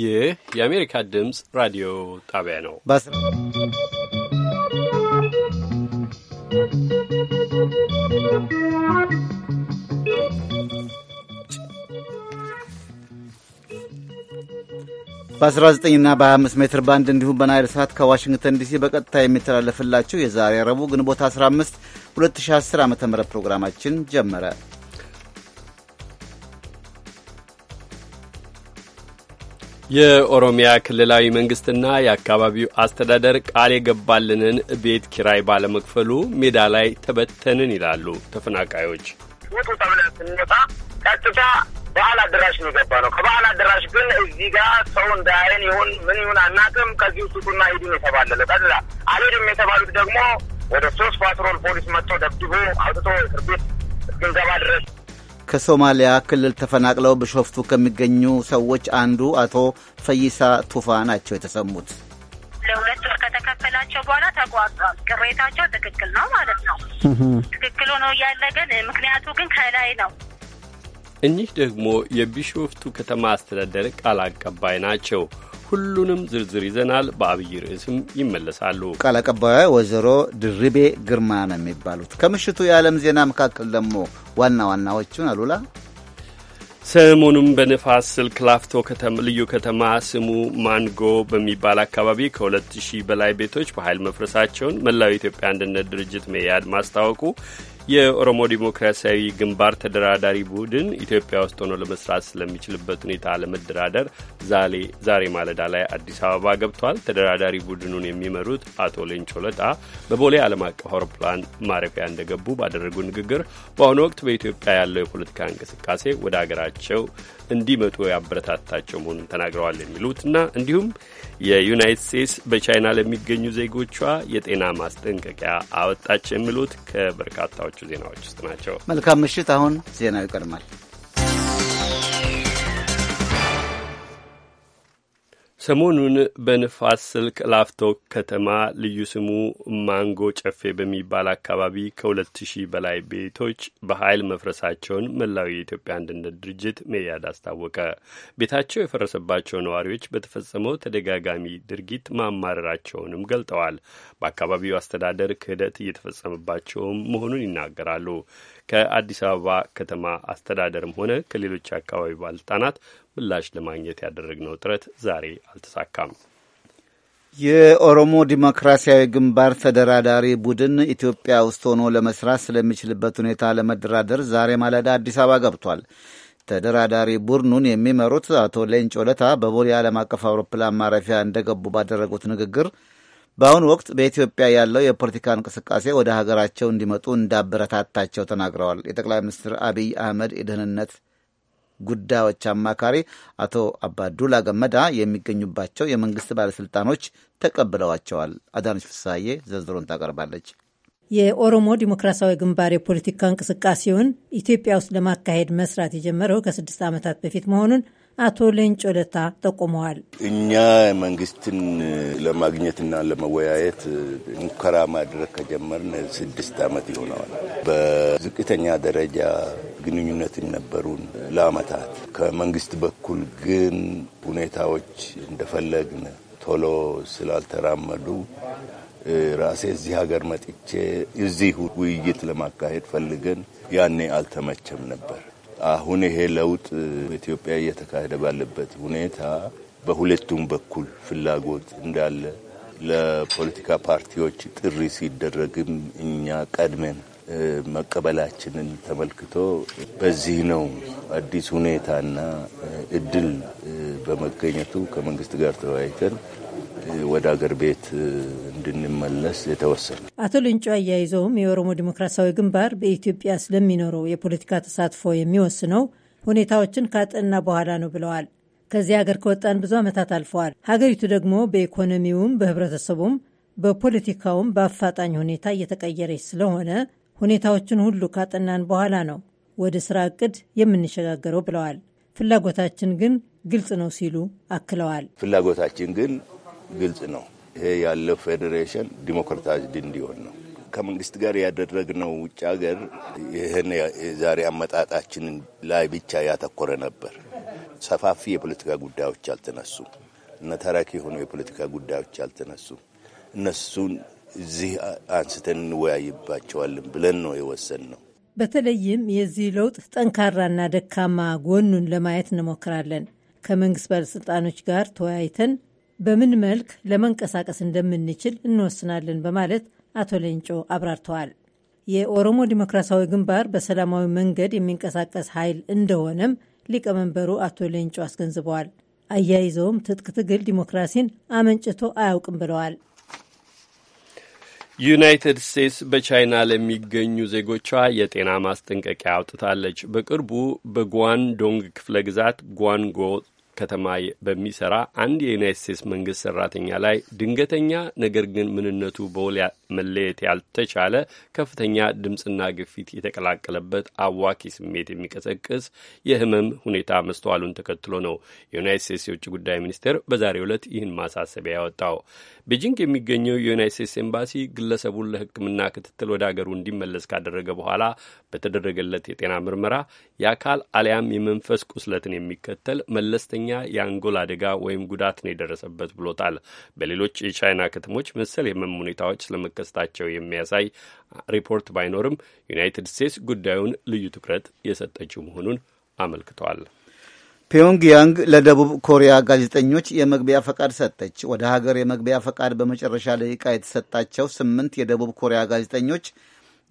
ይህ የአሜሪካ ድምፅ ራዲዮ ጣቢያ ነው። በ19 እና በ25 ሜትር ባንድ እንዲሁም በናይል ሰዓት ከዋሽንግተን ዲሲ በቀጥታ የሚተላለፍላችሁ የዛሬ ረቡዕ ግንቦት 15 2010 ዓ ም ፕሮግራማችን ጀመረ። የኦሮሚያ ክልላዊ መንግስትና የአካባቢው አስተዳደር ቃል የገባልንን ቤት ኪራይ ባለመክፈሉ ሜዳ ላይ ተበተንን ይላሉ ተፈናቃዮች። ውጡ ተብለን ስንወጣ ቀጥታ በዓል አዳራሽ ነው የገባ ነው። ከበዓል አዳራሽ ግን እዚህ ጋር ሰው እንዳያየን ይሁን ምን ይሁን አናውቅም። ከዚህ ውስጡና ሂዱን የተባለለ ቀጥታ አልሄድም የተባሉት ደግሞ ወደ ሶስት ፓትሮል ፖሊስ መጥቶ ደብድቦ አውጥቶ እስር ቤት እስክንገባ ድረስ ከሶማሊያ ክልል ተፈናቅለው በሾፍቱ ከሚገኙ ሰዎች አንዱ አቶ ፈይሳ ቱፋ ናቸው የተሰሙት። ለሁለት ወር ከተከፈላቸው በኋላ ተጓዟል። ቅሬታቸው ትክክል ነው ማለት ነው። ትክክል ሆኖ እያለ ግን ምክንያቱ ግን ከላይ ነው። እኚህ ደግሞ የቢሾፍቱ ከተማ አስተዳደር ቃል አቀባይ ናቸው። ሁሉንም ዝርዝር ይዘናል። በአብይ ርዕስም ይመለሳሉ። ቃል አቀባዩ ወይዘሮ ድርቤ ግርማ ነው የሚባሉት። ከምሽቱ የዓለም ዜና መካከል ደግሞ ዋና ዋናዎቹን አሉላ ሰሞኑም በንፋስ ስልክ ላፍቶ ልዩ ከተማ ስሙ ማንጎ በሚባል አካባቢ ከሁለት ሺህ በላይ ቤቶች በኃይል መፍረሳቸውን መላው የኢትዮጵያ አንድነት ድርጅት መያድ ማስታወቁ የኦሮሞ ዴሞክራሲያዊ ግንባር ተደራዳሪ ቡድን ኢትዮጵያ ውስጥ ሆኖ ለመስራት ስለሚችልበት ሁኔታ ለመደራደር ዛሬ ማለዳ ላይ አዲስ አበባ ገብቷል። ተደራዳሪ ቡድኑን የሚመሩት አቶ ሌንጮ ለጣ በቦሌ ዓለም አቀፍ አውሮፕላን ማረፊያ እንደገቡ ባደረጉ ንግግር በአሁኑ ወቅት በኢትዮጵያ ያለው የፖለቲካ እንቅስቃሴ ወደ አገራቸው እንዲመጡ ያበረታታቸው መሆኑን ተናግረዋል የሚሉትና እንዲሁም የዩናይትድ ስቴትስ በቻይና ለሚገኙ ዜጎቿ የጤና ማስጠንቀቂያ አወጣች የሚሉት ከበርካታዎች ዜናዎች ውስጥ ናቸው። መልካም ምሽት። አሁን ዜናው ይቀድማል። ሰሞኑን በንፋስ ስልክ ላፍቶ ከተማ ልዩ ስሙ ማንጎ ጨፌ በሚባል አካባቢ ከሁለት ሺህ በላይ ቤቶች በኃይል መፍረሳቸውን መላው የኢትዮጵያ አንድነት ድርጅት መያድ አስታወቀ። ቤታቸው የፈረሰባቸው ነዋሪዎች በተፈጸመው ተደጋጋሚ ድርጊት ማማረራቸውንም ገልጠዋል። በአካባቢው አስተዳደር ክህደት እየተፈጸመባቸውም መሆኑን ይናገራሉ። ከአዲስ አበባ ከተማ አስተዳደርም ሆነ ከሌሎች አካባቢ ባለስልጣናት ምላሽ ለማግኘት ያደረግነው ጥረት ዛሬ አልተሳካም። የኦሮሞ ዲሞክራሲያዊ ግንባር ተደራዳሪ ቡድን ኢትዮጵያ ውስጥ ሆኖ ለመስራት ስለሚችልበት ሁኔታ ለመደራደር ዛሬ ማለዳ አዲስ አበባ ገብቷል። ተደራዳሪ ቡድኑን የሚመሩት አቶ ሌንጮ ለታ በቦሌ ዓለም አቀፍ አውሮፕላን ማረፊያ እንደገቡ ባደረጉት ንግግር በአሁኑ ወቅት በኢትዮጵያ ያለው የፖለቲካ እንቅስቃሴ ወደ ሀገራቸው እንዲመጡ እንዳበረታታቸው ተናግረዋል። የጠቅላይ ሚኒስትር አብይ አህመድ የደህንነት ጉዳዮች አማካሪ አቶ አባዱላ ገመዳ የሚገኙባቸው የመንግስት ባለስልጣኖች ተቀብለዋቸዋል። አዳነች ፍሳዬ ዝርዝሩን ታቀርባለች። የኦሮሞ ዲሞክራሲያዊ ግንባር የፖለቲካ እንቅስቃሴውን ኢትዮጵያ ውስጥ ለማካሄድ መስራት የጀመረው ከስድስት ዓመታት በፊት መሆኑን አቶ ሌንጮ ለታ ጠቁመዋል። እኛ መንግስትን ለማግኘትና ለመወያየት ሙከራ ማድረግ ከጀመርን ስድስት ዓመት ይሆነዋል። በዝቅተኛ ደረጃ ግንኙነትን ነበሩን ለአመታት። ከመንግስት በኩል ግን ሁኔታዎች እንደፈለግን ቶሎ ስላልተራመዱ ራሴ እዚህ ሀገር መጥቼ እዚህ ውይይት ለማካሄድ ፈልገን ያኔ አልተመቸም ነበር። አሁን ይሄ ለውጥ በኢትዮጵያ እየተካሄደ ባለበት ሁኔታ በሁለቱም በኩል ፍላጎት እንዳለ ለፖለቲካ ፓርቲዎች ጥሪ ሲደረግም እኛ ቀድመን መቀበላችንን ተመልክቶ በዚህ ነው አዲስ ሁኔታና እድል በመገኘቱ ከመንግስት ጋር ተወያይተን ወደ አገር ቤት እንድንመለስ የተወሰነ። አቶ ልንጮ አያይዘውም የኦሮሞ ዴሞክራሲያዊ ግንባር በኢትዮጵያ ስለሚኖረው የፖለቲካ ተሳትፎ የሚወስነው ሁኔታዎችን ካጠና በኋላ ነው ብለዋል። ከዚህ ሀገር ከወጣን ብዙ ዓመታት አልፈዋል። ሀገሪቱ ደግሞ በኢኮኖሚውም በህብረተሰቡም በፖለቲካውም በአፋጣኝ ሁኔታ እየተቀየረች ስለሆነ ሁኔታዎችን ሁሉ ካጠናን በኋላ ነው ወደ ስራ እቅድ የምንሸጋገረው ብለዋል። ፍላጎታችን ግን ግልጽ ነው ሲሉ አክለዋል። ፍላጎታችን ግን ግልጽ ነው። ይሄ ያለው ፌዴሬሽን ዲሞክራታዊ እንዲሆን ነው። ከመንግስት ጋር ያደረግነው ውጭ ሀገር ይህን የዛሬ አመጣጣችንን ላይ ብቻ ያተኮረ ነበር። ሰፋፊ የፖለቲካ ጉዳዮች አልተነሱም እነ ተራኪ የሆኑ የፖለቲካ ጉዳዮች አልተነሱም። እነሱን እዚህ አንስተን እንወያይባቸዋለን ብለን ነው የወሰን ነው። በተለይም የዚህ ለውጥ ጠንካራና ደካማ ጎኑን ለማየት እንሞክራለን። ከመንግስት ባለስልጣኖች ጋር ተወያይተን በምን መልክ ለመንቀሳቀስ እንደምንችል እንወስናለን በማለት አቶ ሌንጮ አብራርተዋል። የኦሮሞ ዲሞክራሲያዊ ግንባር በሰላማዊ መንገድ የሚንቀሳቀስ ኃይል እንደሆነም ሊቀመንበሩ አቶ ሌንጮ አስገንዝበዋል። አያይዘውም ትጥቅ ትግል ዲሞክራሲን አመንጭቶ አያውቅም ብለዋል። ዩናይትድ ስቴትስ በቻይና ለሚገኙ ዜጎቿ የጤና ማስጠንቀቂያ አውጥታለች። በቅርቡ በጓን ዶንግ ክፍለ ግዛት ጓንጎ ከተማ በሚሰራ አንድ የዩናይት ስቴትስ መንግስት ሰራተኛ ላይ ድንገተኛ ነገር ግን ምንነቱ በውል መለየት ያልተቻለ ከፍተኛ ድምፅና ግፊት የተቀላቀለበት አዋኪ ስሜት የሚቀሰቅስ የህመም ሁኔታ መስተዋሉን ተከትሎ ነው የዩናይት ስቴትስ የውጭ ጉዳይ ሚኒስቴር በዛሬው ዕለት ይህን ማሳሰቢያ ያወጣው። ቤጂንግ የሚገኘው የዩናይት ስቴትስ ኤምባሲ ግለሰቡን ለሕክምና ክትትል ወደ አገሩ እንዲመለስ ካደረገ በኋላ በተደረገለት የጤና ምርመራ የአካል አሊያም የመንፈስ ቁስለትን የሚከተል መለስተኛ የአንጎል አደጋ ወይም ጉዳት ነው የደረሰበት ብሎታል። በሌሎች የቻይና ከተሞች መሰል የህመም ሁኔታዎች ስለመከሰታቸው የሚያሳይ ሪፖርት ባይኖርም ዩናይትድ ስቴትስ ጉዳዩን ልዩ ትኩረት የሰጠችው መሆኑን አመልክቷል። ፒዮንግያንግ ለደቡብ ኮሪያ ጋዜጠኞች የመግቢያ ፈቃድ ሰጠች። ወደ ሀገር የመግቢያ ፈቃድ በመጨረሻ ደቂቃ የተሰጣቸው ስምንት የደቡብ ኮሪያ ጋዜጠኞች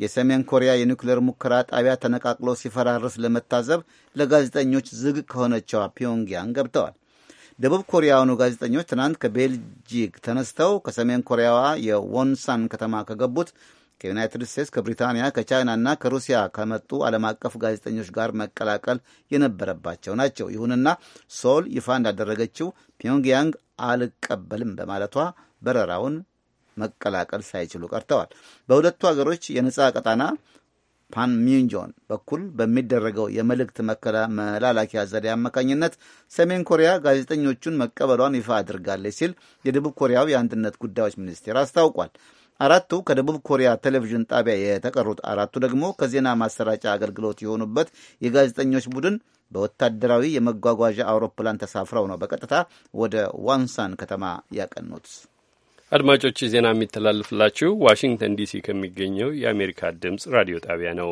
የሰሜን ኮሪያ የኒውክሌር ሙከራ ጣቢያ ተነቃቅሎ ሲፈራርስ ለመታዘብ ለጋዜጠኞች ዝግ ከሆነቸው ፒዮንግያንግ ገብተዋል። ደቡብ ኮሪያውያኑ ጋዜጠኞች ትናንት ከቤልጂክ ተነስተው ከሰሜን ኮሪያዋ የዎንሳን ከተማ ከገቡት ከዩናይትድ ስቴትስ፣ ከብሪታንያ፣ ከቻይናና ከሩሲያ ከመጡ ዓለም አቀፍ ጋዜጠኞች ጋር መቀላቀል የነበረባቸው ናቸው። ይሁንና ሶል ይፋ እንዳደረገችው ፒዮንግያንግ አልቀበልም በማለቷ በረራውን መቀላቀል ሳይችሉ ቀርተዋል። በሁለቱ ሀገሮች የነጻ ቀጣና ፓን ሚንጆን በኩል በሚደረገው የመልእክት መላላኪያ ዘዴ አማካኝነት ሰሜን ኮሪያ ጋዜጠኞቹን መቀበሏን ይፋ አድርጋለች ሲል የደቡብ ኮሪያው የአንድነት ጉዳዮች ሚኒስቴር አስታውቋል። አራቱ ከደቡብ ኮሪያ ቴሌቪዥን ጣቢያ የተቀሩት አራቱ ደግሞ ከዜና ማሰራጫ አገልግሎት የሆኑበት የጋዜጠኞች ቡድን በወታደራዊ የመጓጓዣ አውሮፕላን ተሳፍረው ነው በቀጥታ ወደ ዋንሳን ከተማ ያቀኑት። አድማጮች ዜና የሚተላለፍላችሁ ዋሽንግተን ዲሲ ከሚገኘው የአሜሪካ ድምፅ ራዲዮ ጣቢያ ነው።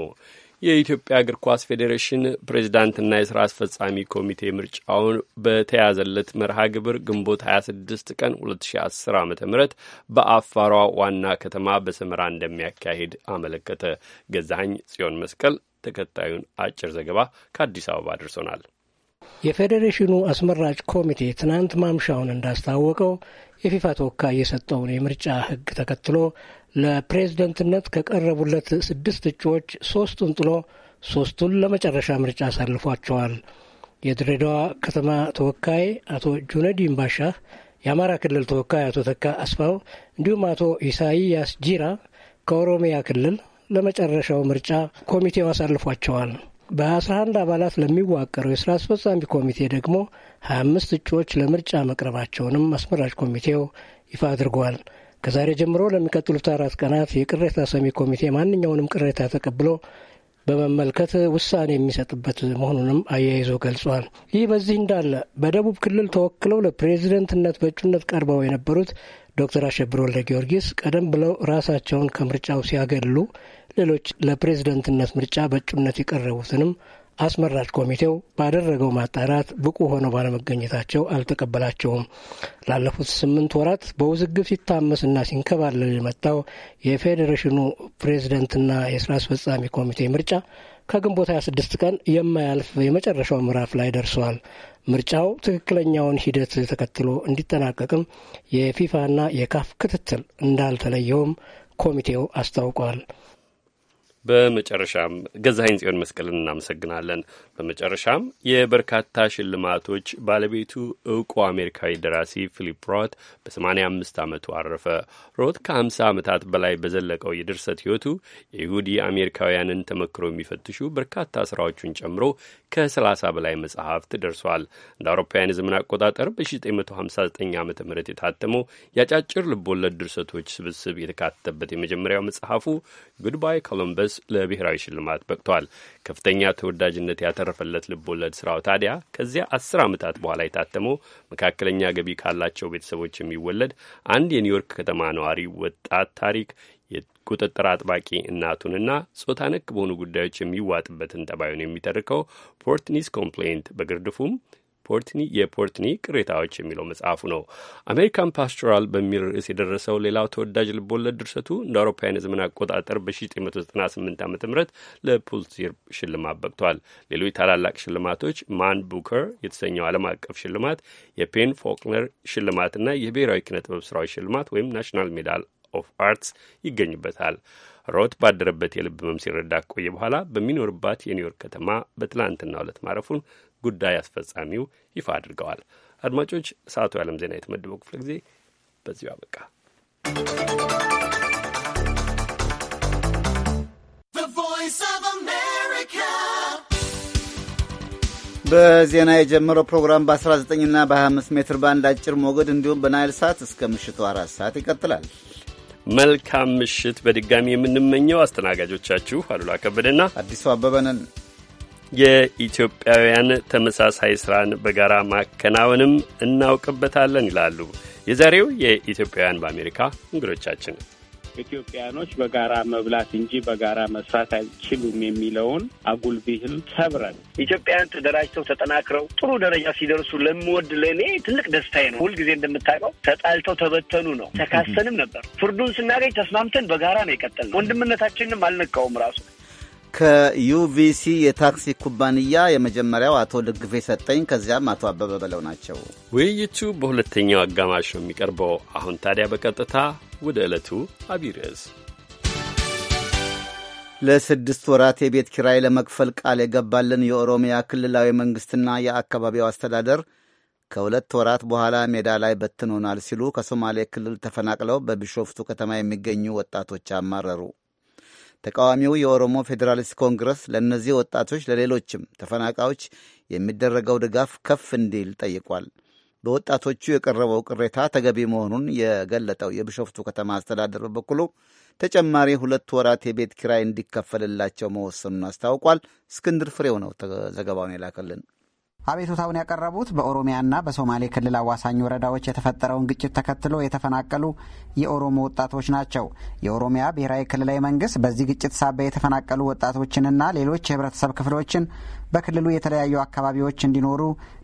የኢትዮጵያ እግር ኳስ ፌዴሬሽን ፕሬዚዳንትና የሥራ አስፈጻሚ ኮሚቴ ምርጫውን በተያዘለት መርሃ ግብር ግንቦት 26 ቀን 2010 ዓ ም በአፋሯ ዋና ከተማ በሰመራ እንደሚያካሂድ አመለከተ። ገዛኸኝ ጽዮን መስቀል ተከታዩን አጭር ዘገባ ከአዲስ አበባ አድርሶናል። የፌዴሬሽኑ አስመራጭ ኮሚቴ ትናንት ማምሻውን እንዳስታወቀው የፊፋ ተወካይ የሰጠውን የምርጫ ሕግ ተከትሎ ለፕሬዝደንትነት ከቀረቡለት ስድስት እጩዎች ሶስቱን ጥሎ ሶስቱን ለመጨረሻ ምርጫ አሳልፏቸዋል። የድሬዳዋ ከተማ ተወካይ አቶ ጁነዲን ባሻ፣ የአማራ ክልል ተወካይ አቶ ተካ አስፋው እንዲሁም አቶ ኢሳይያስ ጂራ ከኦሮሚያ ክልል ለመጨረሻው ምርጫ ኮሚቴው አሳልፏቸዋል። በ11 አባላት ለሚዋቀረው የስራ አስፈጻሚ ኮሚቴ ደግሞ 25 እጩዎች ለምርጫ መቅረባቸውንም አስመራጭ ኮሚቴው ይፋ አድርገዋል። ከዛሬ ጀምሮ ለሚቀጥሉት አራት ቀናት የቅሬታ ሰሚ ኮሚቴ ማንኛውንም ቅሬታ ተቀብሎ በመመልከት ውሳኔ የሚሰጥበት መሆኑንም አያይዞ ገልጿል። ይህ በዚህ እንዳለ በደቡብ ክልል ተወክለው ለፕሬዚደንትነት በእጩነት ቀርበው የነበሩት ዶክተር አሸብር ወልደ ጊዮርጊስ ቀደም ብለው ራሳቸውን ከምርጫው ሲያገሉ ሌሎች ለፕሬዝደንትነት ምርጫ በእጩነት የቀረቡትንም አስመራጭ ኮሚቴው ባደረገው ማጣራት ብቁ ሆነው ባለመገኘታቸው አልተቀበላቸውም። ላለፉት ስምንት ወራት በውዝግብ ሲታመስና ሲንከባለል የመጣው የፌዴሬሽኑ ፕሬዝደንትና የስራ አስፈጻሚ ኮሚቴ ምርጫ ከግንቦት 26 ቀን የማያልፍ የመጨረሻው ምዕራፍ ላይ ደርሰዋል። ምርጫው ትክክለኛውን ሂደት ተከትሎ እንዲጠናቀቅም የፊፋና የካፍ ክትትል እንዳልተለየውም ኮሚቴው አስታውቋል። በመጨረሻም ገዛኸኝ ጽዮን መስቀልን እናመሰግናለን። በመጨረሻም የበርካታ ሽልማቶች ባለቤቱ እውቁ አሜሪካዊ ደራሲ ፊሊፕ ሮት በ85 ዓመቱ አረፈ። ሮት ከ50 ዓመታት በላይ በዘለቀው የድርሰት ሕይወቱ የይሁዲ አሜሪካውያንን ተመክሮ የሚፈትሹ በርካታ ስራዎቹን ጨምሮ ከ30 በላይ መጽሐፍት ደርሷል። እንደ አውሮፓውያን የዘመን አቆጣጠር በ 959 ዓ ም የታተመው የአጫጭር ልቦለድ ድርሰቶች ስብስብ የተካተተበት የመጀመሪያው መጽሐፉ ጉድባይ ኮሎምበስ ለብሔራዊ ሽልማት በቅቷል። ከፍተኛ ተወዳጅነት ያተረፈለት ልቦለድ ስራው ታዲያ ከዚያ አስር ዓመታት በኋላ የታተመው መካከለኛ ገቢ ካላቸው ቤተሰቦች የሚወለድ አንድ የኒውዮርክ ከተማ ነዋሪ ወጣት ታሪክ ቁጥጥር አጥባቂ እናቱንና ጾታ ነክ በሆኑ ጉዳዮች የሚዋጥበትን ጠባዩን የሚተርከው ፖርትኒስ ኮምፕሌንት በግርድፉም ፖርትኒ የፖርትኒ ቅሬታዎች የሚለው መጽሐፉ ነው። አሜሪካን ፓስቶራል በሚል ርዕስ የደረሰው ሌላው ተወዳጅ ልቦለድ ድርሰቱ እንደ አውሮፓውያን ዘመን አቆጣጠር በ1998 ዓ ም ለፑልሲር ሽልማት በቅቷል። ሌሎች ታላላቅ ሽልማቶች ማን ቡከር የተሰኘው ዓለም አቀፍ ሽልማት፣ የፔን ፎክነር ሽልማትና የብሔራዊ ኪነ ጥበብ ስራዎች ሽልማት ወይም ናሽናል ሜዳል ኦፍ አርትስ ይገኙበታል። ሮት ባደረበት የልብ ህመም ሲረዳ ከቆየ በኋላ በሚኖርባት የኒውዮርክ ከተማ በትላንትና ዕለት ማረፉን ጉዳይ አስፈጻሚው ይፋ አድርገዋል። አድማጮች፣ ሰዓቱ የዓለም ዜና የተመደበው ክፍለ ጊዜ በዚሁ አበቃ። በዜና የጀመረው ፕሮግራም በ19 እና በ25 ሜትር ባንድ አጭር ሞገድ እንዲሁም በናይል ሰዓት እስከ ምሽቱ አራት ሰዓት ይቀጥላል። መልካም ምሽት በድጋሚ የምንመኘው አስተናጋጆቻችሁ አሉላ ከበደና አዲሱ አበበ ነን። የኢትዮጵያውያን ተመሳሳይ ስራን በጋራ ማከናወንም እናውቅበታለን ይላሉ የዛሬው የኢትዮጵያውያን በአሜሪካ እንግዶቻችን። ኢትዮጵያኖች በጋራ መብላት እንጂ በጋራ መስራት አይችሉም የሚለውን አጉል ብሂል ሰብረን ኢትዮጵያውያን ተደራጅተው ተጠናክረው ጥሩ ደረጃ ሲደርሱ ለምወድ ለእኔ ትልቅ ደስታዬ ነው። ሁልጊዜ እንደምታውቀው ተጣልተው ተበተኑ ነው። ተካሰንም ነበር። ፍርዱን ስናገኝ ተስማምተን በጋራ ነው የቀጠልነው። ወንድምነታችንንም አልነቃውም ራሱ ከዩቪሲ የታክሲ ኩባንያ የመጀመሪያው አቶ ልግፌ ሰጠኝ፣ ከዚያም አቶ አበበ በለው ናቸው። ውይይቱ በሁለተኛው አጋማሽ ነው የሚቀርበው። አሁን ታዲያ በቀጥታ ወደ ዕለቱ አቢይ ርዕስ ለስድስት ወራት የቤት ኪራይ ለመክፈል ቃል የገባልን የኦሮሚያ ክልላዊ መንግሥትና የአካባቢው አስተዳደር ከሁለት ወራት በኋላ ሜዳ ላይ በትኖናል ሲሉ ከሶማሌ ክልል ተፈናቅለው በቢሾፍቱ ከተማ የሚገኙ ወጣቶች አማረሩ። ተቃዋሚው የኦሮሞ ፌዴራሊስት ኮንግረስ ለእነዚህ ወጣቶች፣ ለሌሎችም ተፈናቃዮች የሚደረገው ድጋፍ ከፍ እንዲል ጠይቋል። በወጣቶቹ የቀረበው ቅሬታ ተገቢ መሆኑን የገለጠው የቢሾፍቱ ከተማ አስተዳደር በበኩሉ ተጨማሪ ሁለት ወራት የቤት ኪራይ እንዲከፈልላቸው መወሰኑን አስታውቋል። እስክንድር ፍሬው ነው ዘገባውን የላከልን። አቤቱታውን ያቀረቡት በኦሮሚያና በሶማሌ ክልል አዋሳኝ ወረዳዎች የተፈጠረውን ግጭት ተከትሎ የተፈናቀሉ የኦሮሞ ወጣቶች ናቸው። የኦሮሚያ ብሔራዊ ክልላዊ መንግስት በዚህ ግጭት ሳቢያ የተፈናቀሉ ወጣቶችንና ሌሎች የህብረተሰብ ክፍሎችን በክልሉ የተለያዩ አካባቢዎች እንዲኖሩ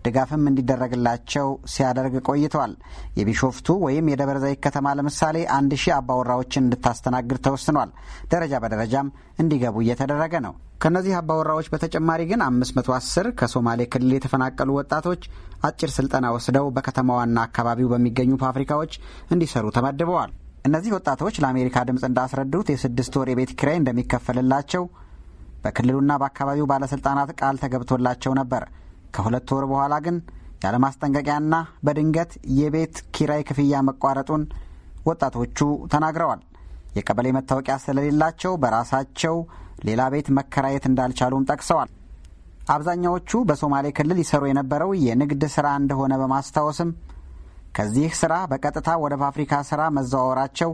ድጋፍም እንዲደረግላቸው ሲያደርግ ቆይቷል። የቢሾፍቱ ወይም የደብረ ዘይት ከተማ ለምሳሌ አንድ ሺህ አባወራዎችን እንድታስተናግድ ተወስኗል። ደረጃ በደረጃም እንዲገቡ እየተደረገ ነው። ከእነዚህ አባወራዎች በተጨማሪ ግን 510 ከሶማሌ ክልል የተፈናቀሉ ወጣቶች አጭር ስልጠና ወስደው በከተማዋና አካባቢው በሚገኙ ፋብሪካዎች እንዲሰሩ ተመድበዋል። እነዚህ ወጣቶች ለአሜሪካ ድምፅ እንዳስረዱት የስድስት ወር የቤት ኪራይ እንደሚከፈልላቸው በክልሉና በአካባቢው ባለስልጣናት ቃል ተገብቶላቸው ነበር። ከሁለት ወር በኋላ ግን ያለማስጠንቀቂያና በድንገት የቤት ኪራይ ክፍያ መቋረጡን ወጣቶቹ ተናግረዋል። የቀበሌ መታወቂያ ስለሌላቸው በራሳቸው ሌላ ቤት መከራየት እንዳልቻሉም ጠቅሰዋል። አብዛኛዎቹ በሶማሌ ክልል ይሰሩ የነበረው የንግድ ሥራ እንደሆነ በማስታወስም ከዚህ ሥራ በቀጥታ ወደ ፋብሪካ ሥራ መዘዋወራቸው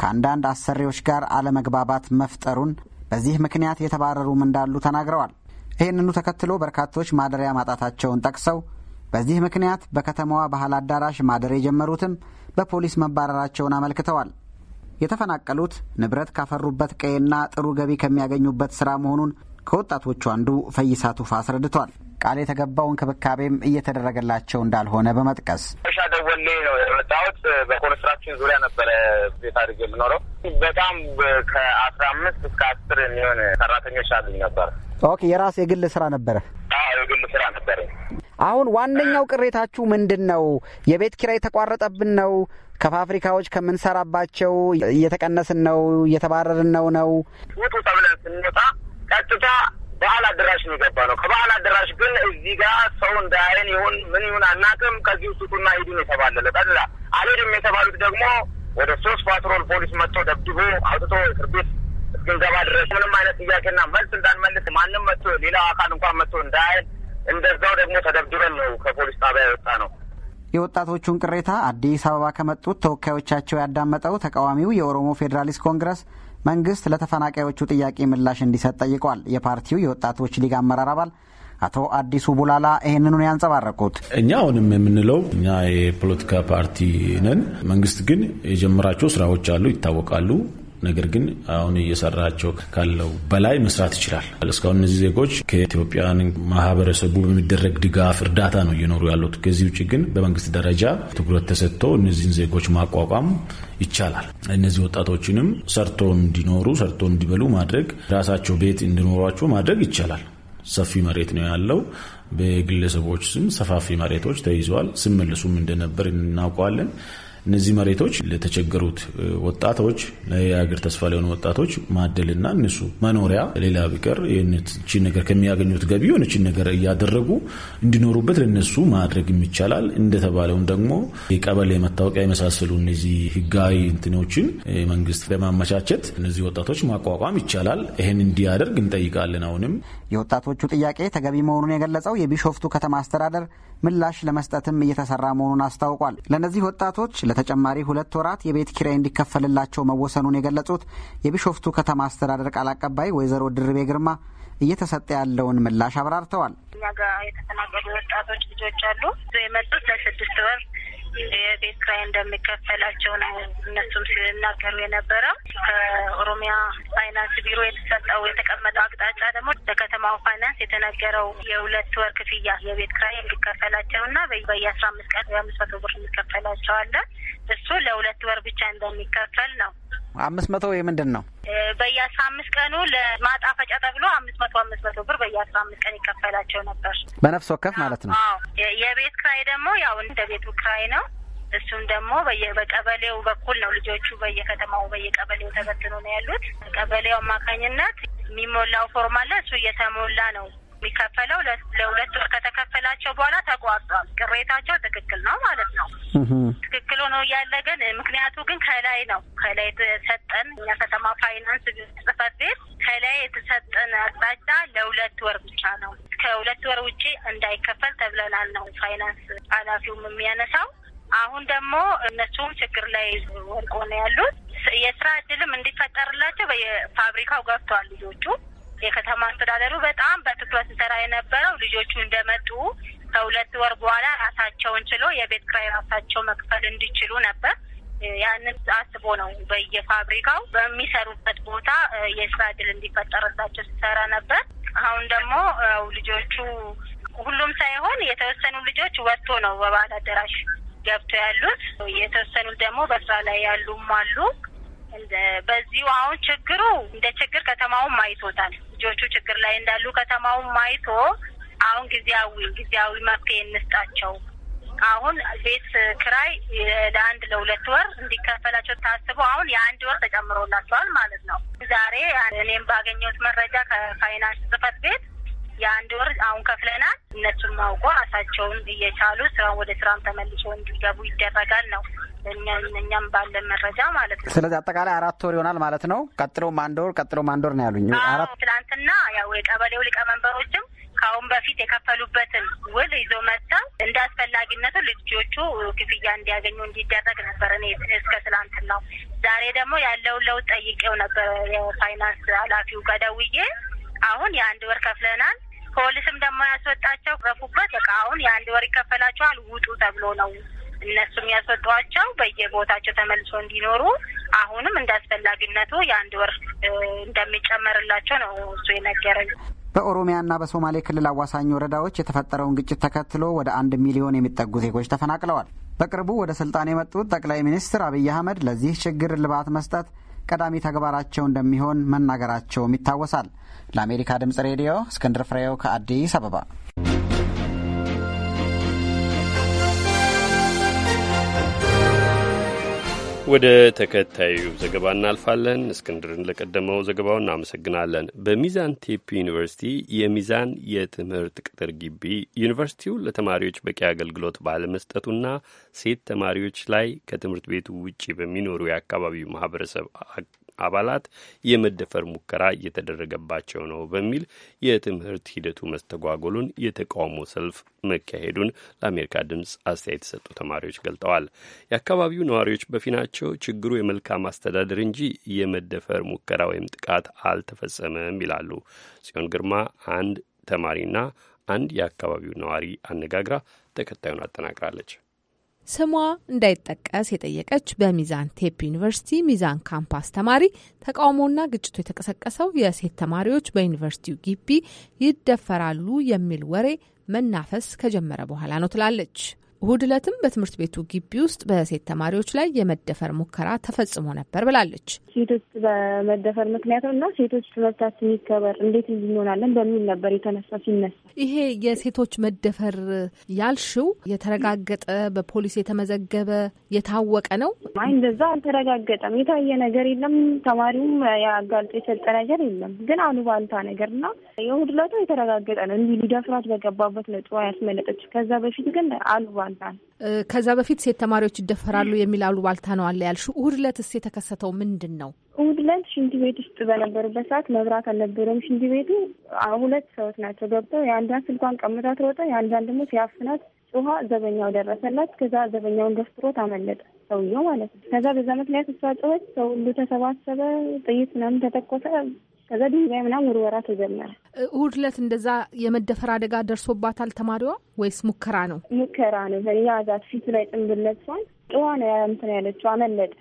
ከአንዳንድ አሰሪዎች ጋር አለመግባባት መፍጠሩን በዚህ ምክንያት የተባረሩም እንዳሉ ተናግረዋል። ይህንኑ ተከትሎ በርካቶች ማደሪያ ማጣታቸውን ጠቅሰው በዚህ ምክንያት በከተማዋ ባህል አዳራሽ ማደር የጀመሩትም በፖሊስ መባረራቸውን አመልክተዋል። የተፈናቀሉት ንብረት ካፈሩበት ቀይና ጥሩ ገቢ ከሚያገኙበት ስራ መሆኑን ከወጣቶቹ አንዱ ፈይሳ ቱፋ አስረድቷል። ቃል የተገባው እንክብካቤም እየተደረገላቸው እንዳልሆነ በመጥቀስ ሻ ደወሌ ነው የመጣሁት። በኮንስትራክሽን ዙሪያ ነበረ ቤት አድርጌ የምኖረው። በጣም ከአስራ አምስት እስከ አስር የሚሆን ሰራተኞች አሉኝ ነበር። ኦኬ፣ የራስ የግል ስራ ነበረ። የግል ስራ ነበረ። አሁን ዋነኛው ቅሬታችሁ ምንድን ነው? የቤት ኪራይ የተቋረጠብን ነው ከፋብሪካዎች ከምንሰራባቸው እየተቀነስን ነው፣ እየተባረርን ነው ነው ውጡ ተብለን ስንወጣ ቀጥታ በዓል አዳራሽ ነው የገባ ነው። ከበዓል አዳራሽ ግን እዚህ ጋር ሰው እንዳያይን ይሁን ምን ይሁን አናውቅም። ከዚህ ውጡና ሂዱ የተባለለ ጠላ አልሄድም የተባሉት ደግሞ ወደ ሶስት ፓትሮል ፖሊስ መጥቶ ደብድቦ አውጥቶ እስር ቤት እስክንገባ ድረስ ምንም አይነት ጥያቄና መልስ እንዳንመልስ ማንም መጥቶ ሌላው አካል እንኳን መጥቶ እንዳያይን እንደዛው ደግሞ ተደብድበን ነው ከፖሊስ ጣቢያ የወጣ ነው። የወጣቶቹን ቅሬታ አዲስ አበባ ከመጡት ተወካዮቻቸው ያዳመጠው ተቃዋሚው የኦሮሞ ፌዴራሊስት ኮንግረስ መንግስት ለተፈናቃዮቹ ጥያቄ ምላሽ እንዲሰጥ ጠይቋል። የፓርቲው የወጣቶች ሊግ አመራር አባል አቶ አዲሱ ቡላላ ይህንኑን ያንጸባረቁት እኛ አሁንም የምንለው እኛ የፖለቲካ ፓርቲ ነን። መንግስት ግን የጀመራቸው ስራዎች አሉ፣ ይታወቃሉ። ነገር ግን አሁን እየሰራቸው ካለው በላይ መስራት ይችላል። እስካሁን እነዚህ ዜጎች ከኢትዮጵያን ማህበረሰቡ በሚደረግ ድጋፍ እርዳታ ነው እየኖሩ ያሉት። ከዚህ ውጭ ግን በመንግስት ደረጃ ትኩረት ተሰጥቶ እነዚህን ዜጎች ማቋቋም ይቻላል። እነዚህ ወጣቶችንም ሰርቶ እንዲኖሩ ሰርቶ እንዲበሉ ማድረግ ራሳቸው ቤት እንዲኖሯቸው ማድረግ ይቻላል። ሰፊ መሬት ነው ያለው። በግለሰቦች ስም ሰፋፊ መሬቶች ተይዘዋል። ስመልሱም እንደነበር እናውቀዋለን። እነዚህ መሬቶች ለተቸገሩት ወጣቶች ለሀገር ተስፋ ሊሆኑ ወጣቶች ማደልና እነሱ መኖሪያ ሌላ ቢቀር ይህችን ነገር ከሚያገኙት ገቢ የሆነችን ነገር እያደረጉ እንዲኖሩበት ለነሱ ማድረግ ይቻላል። እንደተባለውም ደግሞ የቀበሌ መታወቂያ የመሳሰሉ እነዚህ ህጋዊ እንትኖችን መንግስት ለማመቻቸት እነዚህ ወጣቶች ማቋቋም ይቻላል። ይህን እንዲያደርግ እንጠይቃለን። አሁንም የወጣቶቹ ጥያቄ ተገቢ መሆኑን የገለጸው የቢሾፍቱ ከተማ አስተዳደር ምላሽ ለመስጠትም እየተሰራ መሆኑን አስታውቋል። ለእነዚህ ወጣቶች ለተጨማሪ ሁለት ወራት የቤት ኪራይ እንዲከፈልላቸው መወሰኑን የገለጹት የቢሾፍቱ ከተማ አስተዳደር ቃል አቀባይ ወይዘሮ ድርቤ ግርማ እየተሰጠ ያለውን ምላሽ አብራርተዋል። እኛ ጋር የተፈናቀሉ ወጣቶች ልጆች አሉ። የመጡት ለስድስት ወር የቤት ክራይ እንደሚከፈላቸው ነው እነሱም ሲናገሩ የነበረው። ከኦሮሚያ ፋይናንስ ቢሮ የተሰጠው የተቀመጠው አቅጣጫ ደግሞ ለከተማው ፋይናንስ የተነገረው የሁለት ወር ክፍያ የቤት ክራይ እንዲከፈላቸው እና በየአስራ አምስት ቀን በአምስት መቶ ብር እንዲከፈላቸዋለን እሱ ለሁለት ወር ብቻ እንደሚከፈል ነው አምስት መቶ የምንድን ነው? በየአስራ አምስት ቀኑ ለማጣፈጫ ተብሎ አምስት መቶ አምስት መቶ ብር በየአስራ አምስት ቀን ይከፈላቸው ነበር። በነፍስ ወከፍ ማለት ነው። የቤት ክራይ ደግሞ ያው እንደ ቤቱ ክራይ ነው። እሱም ደግሞ በቀበሌው በኩል ነው። ልጆቹ በየከተማው በየቀበሌው ተበትኖ ነው ያሉት። ቀበሌው አማካኝነት የሚሞላው ፎርም አለ። እሱ እየተሞላ ነው የሚከፈለው ለሁለት ወር ከተከፈላቸው በኋላ ተጓዟል። ቅሬታቸው ትክክል ነው ማለት ነው። ትክክል ሆኖ እያለ ግን ምክንያቱ ግን ከላይ ነው። ከላይ የተሰጠን እኛ ከተማ ፋይናንስ ጽሕፈት ቤት ከላይ የተሰጠን አቅጣጫ ለሁለት ወር ብቻ ነው። ከሁለት ወር ውጪ እንዳይከፈል ተብለናል ነው ፋይናንስ ኃላፊውም የሚያነሳው። አሁን ደግሞ እነሱም ችግር ላይ ወድቆ ነው ያሉት። የስራ እድልም እንዲፈጠርላቸው በየፋብሪካው ገብቷል ልጆቹ የከተማ አስተዳደሩ በጣም በትኩረት ሲሰራ የነበረው ልጆቹ እንደመጡ ከሁለት ወር በኋላ ራሳቸውን ችሎ የቤት ክራይ ራሳቸው መክፈል እንዲችሉ ነበር። ያንን አስቦ ነው በየፋብሪካው በሚሰሩበት ቦታ የስራ እድል እንዲፈጠርላቸው ሲሰራ ነበር። አሁን ደግሞ ልጆቹ ሁሉም ሳይሆን የተወሰኑ ልጆች ወጥቶ ነው በባህል አዳራሽ ገብቶ ያሉት። የተወሰኑ ደግሞ በስራ ላይ ያሉም አሉ። በዚሁ አሁን ችግሩ እንደ ችግር ከተማውም አይቶታል። ልጆቹ ችግር ላይ እንዳሉ ከተማውን ማይቶ አሁን ጊዜያዊ ጊዜያዊ መፍትሄ እንስጣቸው። አሁን ቤት ክራይ ለአንድ ለሁለት ወር እንዲከፈላቸው ታስቦ አሁን የአንድ ወር ተጨምሮላቸዋል ማለት ነው። ዛሬ እኔም ባገኘሁት መረጃ ከፋይናንስ ጽህፈት ቤት የአንድ ወር አሁን ከፍለናል። እነሱን ማውቆ ራሳቸውን እየቻሉ ስራ ወደ ስራም ተመልሶ እንዲገቡ ይደረጋል ነው እኛም ባለን መረጃ ማለት ነው። ስለዚህ አጠቃላይ አራት ወር ይሆናል ማለት ነው። ቀጥሎ አንድ ወር ቀጥሎ አንድ ወር ነው ያሉኝ። ትላንትና ያው የቀበሌው ሊቀመንበሮችም ከአሁን በፊት የከፈሉበትን ውል ይዞ መጥተው እንደ አስፈላጊነቱ ልጆቹ ክፍያ እንዲያገኙ እንዲደረግ ነበር። እኔ እስከ ትላንትናው ዛሬ ደግሞ ያለውን ለውጥ ጠይቄው ነበር የፋይናንስ ኃላፊው ጋር አሁን የአንድ ወር ከፍለናል ፖሊስም ደግሞ ያስወጣቸው ረፉበት በቃ አሁን የአንድ ወር ይከፈላቸዋል ውጡ ተብሎ ነው እነሱም ያስወጧቸው በየቦታቸው ተመልሶ እንዲኖሩ አሁንም እንደ አስፈላጊነቱ የአንድ ወር እንደሚጨመርላቸው ነው እሱ የነገረኝ። በኦሮሚያና በሶማሌ ክልል አዋሳኝ ወረዳዎች የተፈጠረውን ግጭት ተከትሎ ወደ አንድ ሚሊዮን የሚጠጉ ዜጎች ተፈናቅለዋል። በቅርቡ ወደ ስልጣን የመጡት ጠቅላይ ሚኒስትር አብይ አህመድ ለዚህ ችግር እልባት መስጠት ቀዳሚ ተግባራቸው እንደሚሆን መናገራቸውም ይታወሳል። ለአሜሪካ ድምጽ ሬዲዮ እስክንድር ፍሬው ከአዲስ አበባ ወደ ተከታዩ ዘገባ እናልፋለን። እስክንድርን ለቀደመው ዘገባው እናመሰግናለን። በሚዛን ቴፒ ዩኒቨርሲቲ የሚዛን የትምህርት ቅጥር ግቢ ዩኒቨርሲቲው ለተማሪዎች በቂ አገልግሎት ባለመስጠቱና ሴት ተማሪዎች ላይ ከትምህርት ቤቱ ውጪ በሚኖሩ የአካባቢው ማህበረሰብ አባላት የመደፈር ሙከራ እየተደረገባቸው ነው በሚል የትምህርት ሂደቱ መስተጓጎሉን የተቃውሞ ሰልፍ መካሄዱን ለአሜሪካ ድምፅ አስተያየት የሰጡ ተማሪዎች ገልጠዋል። የአካባቢው ነዋሪዎች በፊናቸው ችግሩ የመልካም አስተዳደር እንጂ የመደፈር ሙከራ ወይም ጥቃት አልተፈጸመም ይላሉ። ጽዮን ግርማ አንድ ተማሪና አንድ የአካባቢው ነዋሪ አነጋግራ ተከታዩን አጠናቅራለች። ስሟ እንዳይጠቀስ የጠየቀች በሚዛን ቴፕ ዩኒቨርሲቲ ሚዛን ካምፓስ ተማሪ ተቃውሞና ግጭቱ የተቀሰቀሰው የሴት ተማሪዎች በዩኒቨርሲቲው ግቢ ይደፈራሉ የሚል ወሬ መናፈስ ከጀመረ በኋላ ነው ትላለች። እሁድ ዕለትም በትምህርት ቤቱ ግቢ ውስጥ በሴት ተማሪዎች ላይ የመደፈር ሙከራ ተፈጽሞ ነበር ብላለች። ሴቶች በመደፈር ምክንያት እና ሴቶች ትምህርታችን ይከበር እንዴት እንሆናለን በሚል ነበር የተነሳ ሲነሳ ይሄ የሴቶች መደፈር ያልሽው የተረጋገጠ በፖሊስ የተመዘገበ የታወቀ ነው? አይ እንደዛ አልተረጋገጠም። የታየ ነገር የለም። ተማሪውም ያጋልጦ የሰጠ ነገር የለም። ግን አሉባልታ ነገር እና የእሁድ ዕለቱ የተረጋገጠ ነው። እንዲህ ሊደፍራት በገባበት ነጥዋ ያስመለጠች ከዛ በፊት ግን አሉባልታ ይገባል። ከዛ በፊት ሴት ተማሪዎች ይደፈራሉ የሚል አሉባልታ ነው አለ ያልሽው። እሁድ ዕለትስ የተከሰተው ምንድን ነው? እሁድ ዕለት ሽንት ቤት ውስጥ በነበርበት ሰዓት መብራት አልነበረም። ሽንት ቤቱ ሁለት ሰዎች ናቸው ገብተው፣ የአንዷን ስልኳን ቀምታት ሮጠ፣ የአንዷን ደግሞ ሲያፍናት ጮኋ፣ ዘበኛው ደረሰላት። ከዛ ዘበኛውን ደፍሮት አመለጠ ሰውየው ማለት ነው። ከዛ በዛ ምክንያት እሷ ጮኸች፣ ሰው ሁሉ ተሰባሰበ፣ ጥይት ምናምን ተተኮሰ። ከዛ ድንጋይ ምናምን ውርወራ ተጀመረ። እሁድ ዕለት እንደዛ የመደፈር አደጋ ደርሶባታል ተማሪዋ ወይስ ሙከራ ነው? ሙከራ ነው። ያ ዛት ፊቱ ላይ ጥንብለት ሲሆን ጥዋ ነው እንትን ያለችው አመለጠ።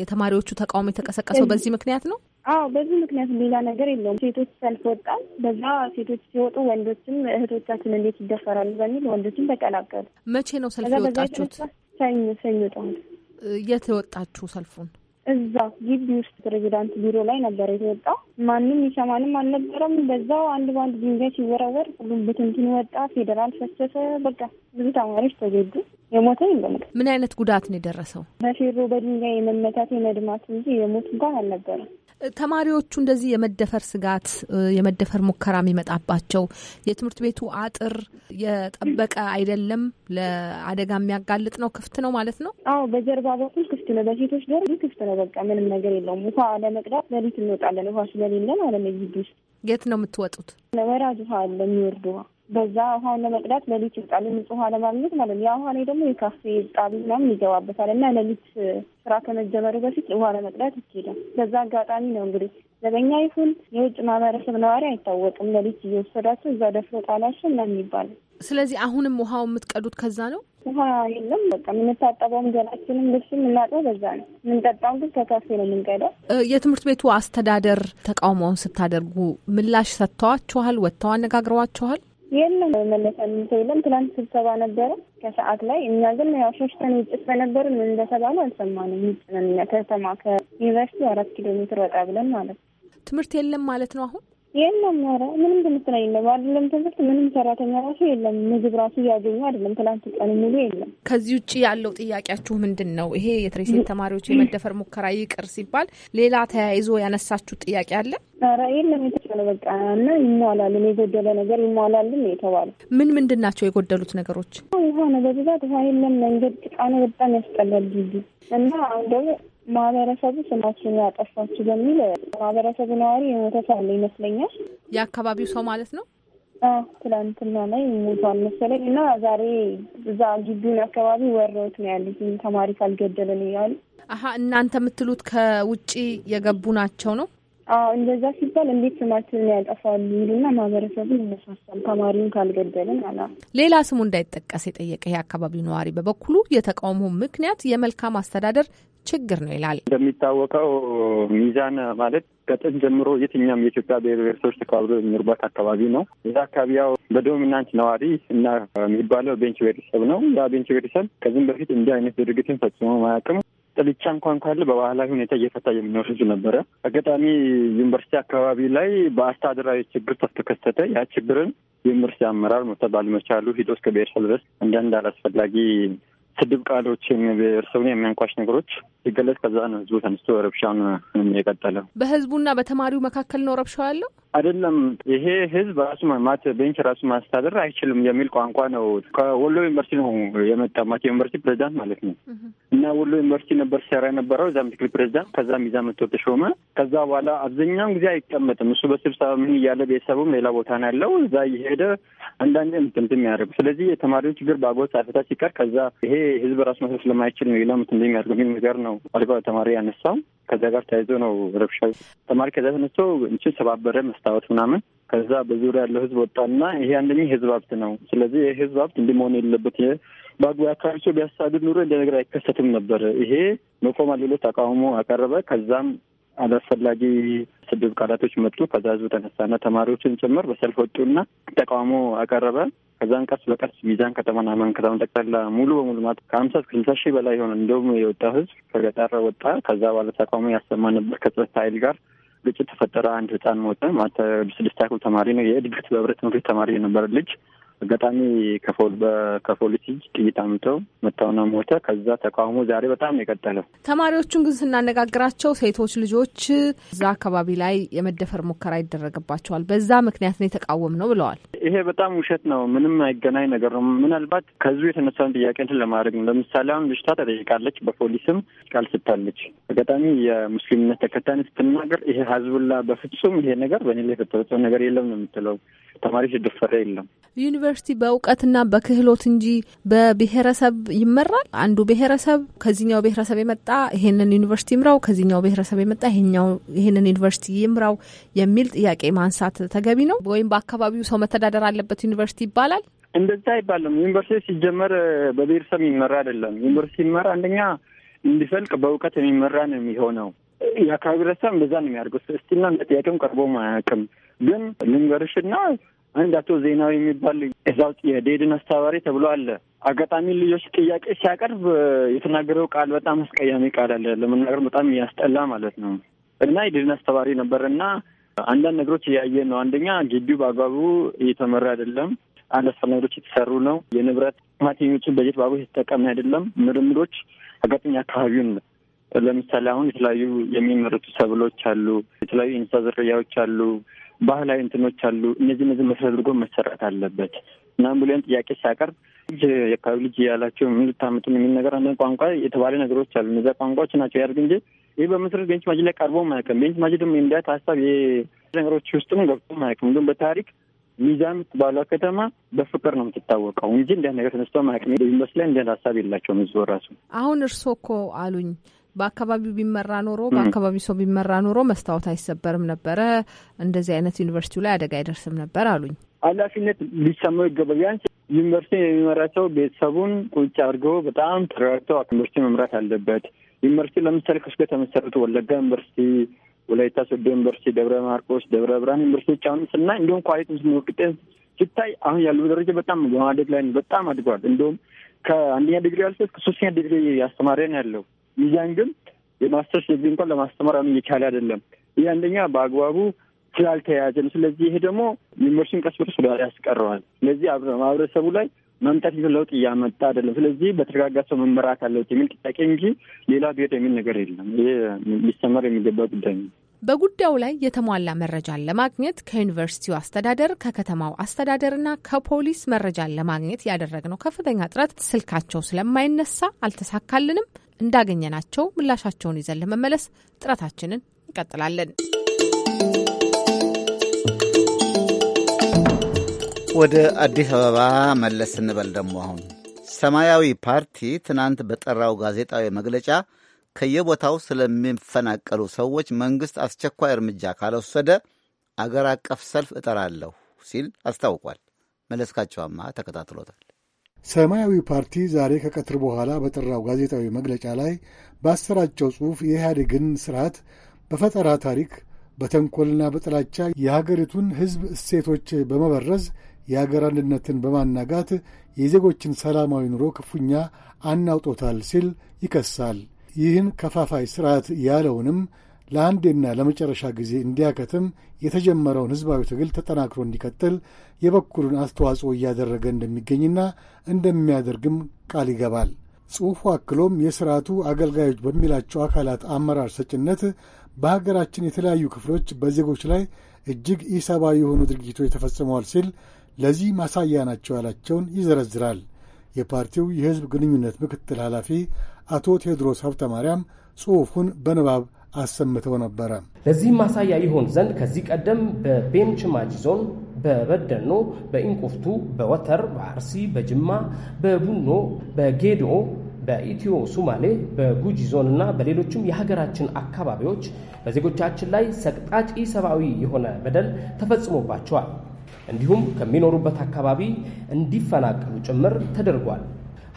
የተማሪዎቹ ተቃውሞ የተቀሰቀሰው በዚህ ምክንያት ነው። አዎ በዚህ ምክንያት ሌላ ነገር የለውም። ሴቶች ሰልፍ ወጣል። በዛ ሴቶች ሲወጡ ወንዶችም እህቶቻችን እንዴት ይደፈራሉ በሚል ወንዶችም ተቀላቀሉ። መቼ ነው ሰልፍ የወጣችሁት? ሰኞ ሰኞ ጠዋት። የት ወጣችሁ ሰልፉን? እዛ ግቢ ውስጥ ፕሬዚዳንት ቢሮ ላይ ነበር የተወጣው። ማንም ይሰማንም አልነበረም። በዛው አንድ በአንድ ድንጋይ ሲወረወር ሁሉም ብትንትን ወጣ። ፌዴራል ፈሰሰ። በቃ ብዙ ተማሪዎች ተጎዱ። የሞተ የለም። ምን አይነት ጉዳት ነው የደረሰው? በፌሮ በድንጋይ የመመታት የመድማት እንጂ የሞት እንኳን አልነበረም። ተማሪዎቹ እንደዚህ የመደፈር ስጋት የመደፈር ሙከራ የሚመጣባቸው የትምህርት ቤቱ አጥር የጠበቀ አይደለም፣ ለአደጋ የሚያጋልጥ ነው። ክፍት ነው ማለት ነው። አዎ፣ በጀርባ በኩል ክፍት ነው። በሴቶች ደርግ ክፍት ነው። በቃ ምንም ነገር የለውም። ውሃ ለመቅዳት ለሊት እንወጣለን። ውሃ ስለሌለ ማለት ነው። ውስጥ የት ነው የምትወጡት? ወራጅ ውሃ አለ፣ የሚወርድ ውሃ በዛ ውሃ ለመቅዳት ለሊት ይወጣሉ፣ ንጹህ ውሃ ለማግኘት ማለት ነው። ያ ውሃ ላይ ደግሞ የካፌ ጣቢ ምናምን ይገባበታል እና ለሊት ስራ ከመጀመሩ በፊት ውሃ ለመቅዳት ይኬዳል። በዛ አጋጣሚ ነው እንግዲህ ዘበኛ ይሁን የውጭ ማህበረሰብ ነዋሪ አይታወቅም። ለሊት እየወሰዳቸው እዛ ደፍሮ ጣላቸው ምናምን ይባላል። ስለዚህ አሁንም ውሃው የምትቀዱት ከዛ ነው? ውሃ የለም። በቃ የምንታጠበውም ገላችንም ልብስ እናጥበው በዛ ነው። የምንጠጣው ግን ከካፌ ነው የምንቀዳው። የትምህርት ቤቱ አስተዳደር ተቃውሞውን ስታደርጉ ምላሽ ሰጥተዋችኋል? ወጥተው አነጋግረዋችኋል? የለም መመለስ ምንሰ የለም። ትናንት ስብሰባ ነበረ ከሰዓት ላይ እኛ ግን ያው ሶስተን ውጭ ስለነበር ምን እንደተባሉ አልሰማንም። ውጭ ነን ከተማ ከዩኒቨርሲቲ አራት ኪሎ ሜትር ወጣ ብለን ማለት ነው። ትምህርት የለም ማለት ነው አሁን የለም ኧረ ምንም ትምህርት ነው የለም። አይደለም ትምህርት ምንም ሰራተኛ ራሱ የለም። ምግብ ራሱ እያገኙ አይደለም። ትላንት ቀን ሙሉ የለም። ከዚህ ውጭ ያለው ጥያቄያችሁ ምንድን ነው? ይሄ የትሬሴት ተማሪዎች የመደፈር ሙከራ ይቅር ሲባል ሌላ ተያይዞ ያነሳችሁ ጥያቄ አለ? ኧረ የለም የተቻለ በቃ እና ይሟላልን የጎደለ ነገር ይሟላልን የተባለ ምን ምንድን ናቸው የጎደሉት ነገሮች? ውሃ ነው በብዛት ውሃ የለም። መንገድ ጭቃ ነው። በጣም ያስጠላል። እና አሁን ደግሞ ማህበረሰቡ ስማችን ያጠፋችሁ በሚል ማህበረሰቡ ነዋሪ የሞተ ሰው አለ ይመስለኛል። የአካባቢው ሰው ማለት ነው። ትላንትና ላይ ሞቷል መሰለኝ እና ዛሬ እዛ ግቢውን አካባቢ ወረውት ነው ያሉት ተማሪ ካልገደለን እያሉ። አሀ እናንተ የምትሉት ከውጭ የገቡ ናቸው ነው? አዎ እንደዛ ሲባል እንዴት ስማችንን ያጠፋሉ ይሉና ማህበረሰቡን ይነሳሳል። ተማሪውን ካልገደልን አላ ሌላ ስሙ እንዳይጠቀስ የጠየቀ የአካባቢው ነዋሪ በበኩሉ የተቃውሞ ምክንያት የመልካም አስተዳደር ችግር ነው ይላል። እንደሚታወቀው ሚዛን ማለት ከጥንት ጀምሮ የትኛውም የኢትዮጵያ ብሔር ብሔረሰቦች ተከባብሎ የሚኖሩበት አካባቢ ነው። እዛ አካባቢ ያው በዶሚናንት ነዋሪ እና የሚባለው ቤንች ቤተሰብ ነው። ያ ቤንች ቤተሰብ ከዚህም በፊት እንዲህ አይነት ድርጊትን ፈጽሞ ማያውቅም። ጥልቻ እንኳን ካለ በባህላዊ ሁኔታ እየፈታ የሚኖር ህዝብ ነበረ። አጋጣሚ ዩኒቨርሲቲ አካባቢ ላይ በአስተዳደራዊ ችግር ተከሰተ። ያ ችግርን ዩኒቨርሲቲ አመራር መውሰድ ባለመቻሉ ሂዶ እስከ ብሔረሰብ ድረስ አንዳንድ አላስፈላጊ ስድብ ቃሎች፣ ብሔረሰቡን የሚያንኳሽ ነገሮች ሲገለጽ ከዛ ነው ህዝቡ ተነስቶ ረብሻውን የቀጠለው። በህዝቡና በተማሪው መካከል ነው ረብሻው ያለው። አይደለም ይሄ ህዝብ ራሱ ማት ቤንች ራሱ ማስተዳደር አይችልም የሚል ቋንቋ ነው። ከወሎ ዩኒቨርሲቲ ነው የመጣ ማት ዩኒቨርሲቲ ፕሬዚዳንት ማለት ነው። እና ወሎ ዩኒቨርሲቲ ነበር ሲሰራ የነበረው እዛ ምክትል ፕሬዚዳንት፣ ከዛ ሚዛ መጥቶ ተሾመ። ከዛ በኋላ አብዛኛውን ጊዜ አይቀመጥም እሱ በስብሰባ ምን እያለ ቤተሰቡም ሌላ ቦታ ነው ያለው። እዛ እየሄደ አንዳንድ ምትምት ያደርጉ። ስለዚህ የተማሪውን ችግር በአጎት አልፈታ ሲቀር ከዛ ይሄ ህዝብ ራሱ መስረት ስለማይችል ነው ሌላ ምት የሚያደርጉ የሚል ነገር ነው አልባ ተማሪ ያነሳው። ከዛ ጋር ተያይዞ ነው ረብሻ ተማሪ ከዛ ተነስቶ እንችን ሰባበረ መስ መስታወት ምናምን ከዛ በዙሪያ ያለው ህዝብ ወጣና ይሄ አንደኛ የህዝብ ሀብት ነው። ስለዚህ ይህ ህዝብ ሀብት እንዲህ መሆን የለበት። በአግባይ አካባቢ ሰው ቢያሳድድ ኑሮ እንደ ነገር አይከሰትም ነበር። ይሄ መቆም ሌሎች ተቃውሞ አቀረበ። ከዛም አላስፈላጊ ስድብ ቃላቶች መጡ። ከዛ ህዝብ ተነሳና ተማሪዎችን ጭምር በሰልፍ ወጡና ተቃውሞ አቀረበ። ከዛን ቀስ በቀስ ሚዛን ከተማን አማን ከተማ ጠቅላላ ሙሉ በሙሉ ማለት ከሀምሳ እስከ ስልሳ ሺህ በላይ የሆነ እንደውም የወጣው ህዝብ ከገጠር ወጣ። ከዛ ባለ ተቃውሞ ያሰማ ነበር ከጸጥታ ኃይል ጋር ግጭት ተፈጠረ። አንድ ህጻን ሞተ። ማተ ስድስት ያክል ተማሪ ነው። የእድገት በህብረት ትምህርት ቤት ተማሪ የነበረ ልጅ አጋጣሚ ከፖሊሲ ጥይት አምጠው መታውና ሞተ። ከዛ ተቃውሞ ዛሬ በጣም የቀጠለው። ተማሪዎቹን ግን ስናነጋግራቸው ሴቶች ልጆች እዛ አካባቢ ላይ የመደፈር ሙከራ ይደረግባቸዋል፣ በዛ ምክንያት ነው የተቃወም ነው ብለዋል። ይሄ በጣም ውሸት ነው። ምንም አይገናኝ ነገር ነው። ምናልባት ከዙ የተነሳውን ጥያቄ እንትን ለማድረግ ነው። ለምሳሌ አሁን ልጅቷ ተጠይቃለች፣ በፖሊስም ቃል ስታለች። አጋጣሚ የሙስሊምነት ተከታይነት ስትናገር ይሄ ህዝቡላ በፍጹም ይሄ ነገር በኔ ላይ የተፈጸመ ነገር የለም ነው የምትለው። ተማሪዎች ደፈረ የለም ዩኒቨርሲቲ በእውቀትና በክህሎት እንጂ በብሔረሰብ ይመራል። አንዱ ብሔረሰብ ከዚህኛው ብሔረሰብ የመጣ ይሄንን ዩኒቨርሲቲ ይምራው፣ ከዚህኛው ብሔረሰብ የመጣ ይሄኛው ይሄንን ዩኒቨርሲቲ ይምራው የሚል ጥያቄ ማንሳት ተገቢ ነው ወይም በአካባቢው ሰው መተዳደር አለበት ዩኒቨርሲቲ ይባላል? እንደዛ አይባልም። ዩኒቨርሲቲ ሲጀመር በብሔረሰብ የሚመራ አይደለም። ዩኒቨርሲቲ ይመራ አንደኛ እንዲፈልቅ በእውቀት የሚመራ ነው የሚሆነው። የአካባቢ ረሳ እንደዛ ነው የሚያደርገው። ስቲና እንደ ጥያቄም ቀርቦም አያውቅም። ግን ልንገርሽና አንድ አቶ ዜናዊ የሚባል እዛው የዴድን አስተባባሪ ተብሎ አለ። አጋጣሚ ልጆች ጥያቄ ሲያቀርብ የተናገረው ቃል በጣም አስቀያሚ ቃል አለ፣ ለመናገር በጣም እያስጠላ ማለት ነው። እና የዴድን አስተባባሪ ነበር እና አንዳንድ ነገሮች እያየን ነው። አንደኛ ግቢው በአግባቡ እየተመራ አይደለም። አንድ አስፈላጊ ነገሮች የተሰሩ ነው። የንብረት ማቴኞችን በጀት በአግባቡ የተጠቀምን አይደለም። ምርምሮች አጋጣሚ አካባቢውን ለምሳሌ አሁን የተለያዩ የሚመረቱ ሰብሎች አሉ፣ የተለያዩ የእንስሳ ዝርያዎች አሉ ባህላዊ እንትኖች አሉ። እነዚህ እነዚህ መሰረት አድርጎ መሰራት አለበት ምናምን ብሎን ጥያቄ ሲያቀርብ ልጅ የአካባቢ ልጅ ያላቸው ምን ልታመጡ የሚል ነገር አንዳንድ ቋንቋ የተባለ ነገሮች አሉ። እነዚያ ቋንቋዎች ናቸው ያደርግ እንጂ ይህ በመሰረት ቤንች ማጅ ላይ ቀርቦ ማያውቅም። ቤንች ማጅ ደግሞ የሚዳት ሀሳብ ነገሮች ውስጥም ገብቶ ማያውቅም። እንዲሁም በታሪክ ሚዛን የምትባለው ከተማ በፍቅር ነው የምትታወቀው እንጂ እንዲህ ነገር ተነስቶ ማያውቅም። በዚህ መስላ እንዲህ ሀሳብ የላቸውም ህዝቡ ራሱ። አሁን እርስዎ እኮ አሉኝ በአካባቢው ቢመራ ኖሮ በአካባቢው ሰው ቢመራ ኖሮ መስታወት አይሰበርም ነበረ፣ እንደዚህ አይነት ዩኒቨርሲቲው ላይ አደጋ አይደርስም ነበር አሉኝ። ኃላፊነት ሊሰማው ይገባል። ቢያንስ ዩኒቨርሲቲን የሚመራ ሰው ቤተሰቡን ቁጭ አድርገው በጣም ተረጋግተው ዩኒቨርሲቲ መምራት አለበት። ዩኒቨርሲቲ ለምሳሌ ከሱ ጋር የተመሰረቱ ወለጋ ዩኒቨርሲቲ፣ ወላይታ ሶዶ ዩኒቨርሲቲ፣ ደብረ ማርቆስ፣ ደብረ ብርሃን ዩኒቨርሲቲዎች አሁን ስና እንዲሁም ኳሊቲ ስንወቅጥ ሲታይ አሁን ያለው ደረጃ በጣም በማደግ ላይ በጣም አድገዋል። እንዲሁም ከአንደኛ ዲግሪ ያልሰት ከሶስተኛ ዲግሪ ያስተማሪያን ያለው ይያን ግን የማስተርስ ዲግሪ እንኳን ለማስተማር አሁን እየቻለ አይደለም። ይህ አንደኛ በአግባቡ ስላልተያያዘ ነው። ስለዚህ ይሄ ደግሞ ዩኒቨርሲቲን ቀስ በቀስ ወደኋላ ያስቀረዋል። ስለዚህ ማህበረሰቡ ላይ መምጣት ይዞ ለውጥ እያመጣ አይደለም። ስለዚህ በተረጋጋ ሰው መመራት አለውት የሚል ጥያቄ እንጂ ሌላ ብሄድ የሚል ነገር የለም። ይህ ሊሰመር የሚገባ ጉዳይ ነው። በጉዳዩ ላይ የተሟላ መረጃን ለማግኘት ከዩኒቨርሲቲው አስተዳደር፣ ከከተማው አስተዳደርና ከፖሊስ መረጃን ለማግኘት ያደረግነው ከፍተኛ ጥረት ስልካቸው ስለማይነሳ አልተሳካልንም። እንዳገኘናቸው ምላሻቸውን ይዘን ለመመለስ ጥረታችንን እንቀጥላለን። ወደ አዲስ አበባ መለስ ስንበል ደግሞ አሁን ሰማያዊ ፓርቲ ትናንት በጠራው ጋዜጣዊ መግለጫ ከየቦታው ስለሚፈናቀሉ ሰዎች መንግሥት አስቸኳይ እርምጃ ካልወሰደ አገር አቀፍ ሰልፍ እጠራለሁ ሲል አስታውቋል። መለስካቸዋማ ተከታትሎታል። ሰማያዊ ፓርቲ ዛሬ ከቀትር በኋላ በጠራው ጋዜጣዊ መግለጫ ላይ ባሰራጨው ጽሑፍ የኢህአዴግን ስርዓት በፈጠራ ታሪክ በተንኰልና በጥላቻ የሀገሪቱን ሕዝብ እሴቶች በመበረዝ የአገር አንድነትን በማናጋት የዜጎችን ሰላማዊ ኑሮ ክፉኛ አናውጦታል ሲል ይከሳል። ይህን ከፋፋይ ስርዓት ያለውንም ለአንዴና ለመጨረሻ ጊዜ እንዲያከትም የተጀመረውን ህዝባዊ ትግል ተጠናክሮ እንዲቀጥል የበኩሉን አስተዋጽኦ እያደረገ እንደሚገኝና እንደሚያደርግም ቃል ይገባል። ጽሑፉ አክሎም የሥርዓቱ አገልጋዮች በሚላቸው አካላት አመራር ሰጭነት በሀገራችን የተለያዩ ክፍሎች በዜጎች ላይ እጅግ ኢሰብአዊ የሆኑ ድርጊቶች ተፈጽመዋል ሲል ለዚህ ማሳያ ናቸው ያላቸውን ይዘረዝራል። የፓርቲው የሕዝብ ግንኙነት ምክትል ኃላፊ አቶ ቴዎድሮስ ሀብተ ማርያም ጽሑፉን በንባብ አሰምተው ነበረ። ለዚህም ማሳያ ይሆን ዘንድ ከዚህ ቀደም በቤንች ማጂ ዞን በበደኖ፣ በኢንቁፍቱ፣ በወተር፣ በአርሲ፣ በጅማ፣ በቡኖ፣ በጌዶ በኢትዮ ሱማሌ በጉጂ ዞን እና በሌሎችም የሀገራችን አካባቢዎች በዜጎቻችን ላይ ሰቅጣጭ ሰብአዊ የሆነ በደል ተፈጽሞባቸዋል። እንዲሁም ከሚኖሩበት አካባቢ እንዲፈናቀሉ ጭምር ተደርጓል።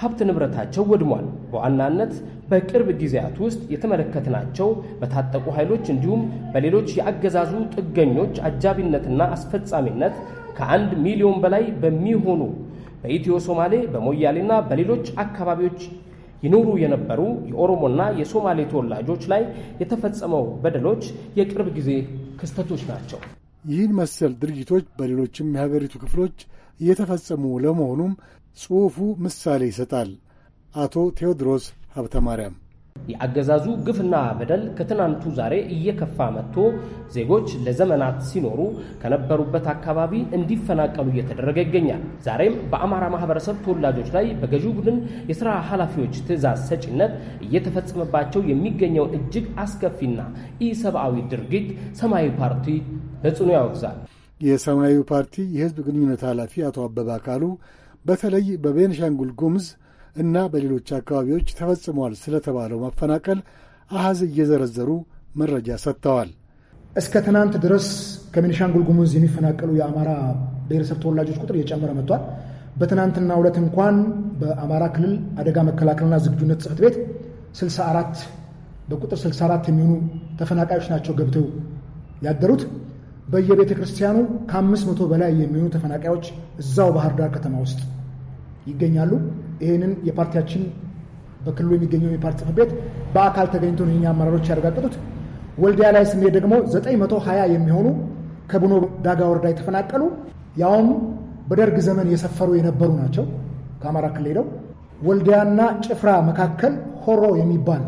ሀብት ንብረታቸው ወድሟል። በዋናነት በቅርብ ጊዜያት ውስጥ የተመለከትናቸው በታጠቁ ኃይሎች እንዲሁም በሌሎች የአገዛዙ ጥገኞች አጃቢነትና አስፈጻሚነት ከአንድ ሚሊዮን በላይ በሚሆኑ በኢትዮ ሶማሌ በሞያሌና በሌሎች አካባቢዎች ይኖሩ የነበሩ የኦሮሞና የሶማሌ ተወላጆች ላይ የተፈጸመው በደሎች የቅርብ ጊዜ ክስተቶች ናቸው። ይህን መሰል ድርጊቶች በሌሎችም የሀገሪቱ ክፍሎች እየተፈጸሙ ለመሆኑም ጽሑፉ ምሳሌ ይሰጣል። አቶ ቴዎድሮስ ሀብተ ማርያም የአገዛዙ ግፍና በደል ከትናንቱ ዛሬ እየከፋ መጥቶ ዜጎች ለዘመናት ሲኖሩ ከነበሩበት አካባቢ እንዲፈናቀሉ እየተደረገ ይገኛል። ዛሬም በአማራ ማህበረሰብ ተወላጆች ላይ በገዢው ቡድን የሥራ ኃላፊዎች ትዕዛዝ ሰጪነት እየተፈጸመባቸው የሚገኘው እጅግ አስከፊና ኢሰብአዊ ድርጊት ሰማያዊ ፓርቲ በጽኑ ያወግዛል። የሰማያዊ ፓርቲ የህዝብ ግንኙነት ኃላፊ አቶ አበባ አካሉ በተለይ በቤንሻንጉል ጉሙዝ እና በሌሎች አካባቢዎች ተፈጽሟል ስለተባለው መፈናቀል አሐዝ እየዘረዘሩ መረጃ ሰጥተዋል። እስከ ትናንት ድረስ ከቤንሻንጉል ጉሙዝ የሚፈናቀሉ የአማራ ብሔረሰብ ተወላጆች ቁጥር እየጨመረ መጥቷል። በትናንትና ዕለት እንኳን በአማራ ክልል አደጋ መከላከልና ዝግጁነት ጽሕፈት ቤት 64 በቁጥር 64 የሚሆኑ ተፈናቃዮች ናቸው ገብተው ያደሩት። በየቤተ ክርስቲያኑ ከአምስት መቶ በላይ የሚሆኑ ተፈናቃዮች እዛው ባህር ዳር ከተማ ውስጥ ይገኛሉ። ይህንን የፓርቲያችን በክልሉ የሚገኘው የፓርቲ ጽሕፈት ቤት በአካል ተገኝቶ ነው የኛ አመራሮች ያረጋገጡት። ወልዲያ ላይ ስንሄድ ደግሞ 920 የሚሆኑ ከቡኖ ዳጋ ወረዳ የተፈናቀሉ ያውም በደርግ ዘመን የሰፈሩ የነበሩ ናቸው። ከአማራ ክልል ሄደው ወልዲያና ጭፍራ መካከል ሆሮ የሚባል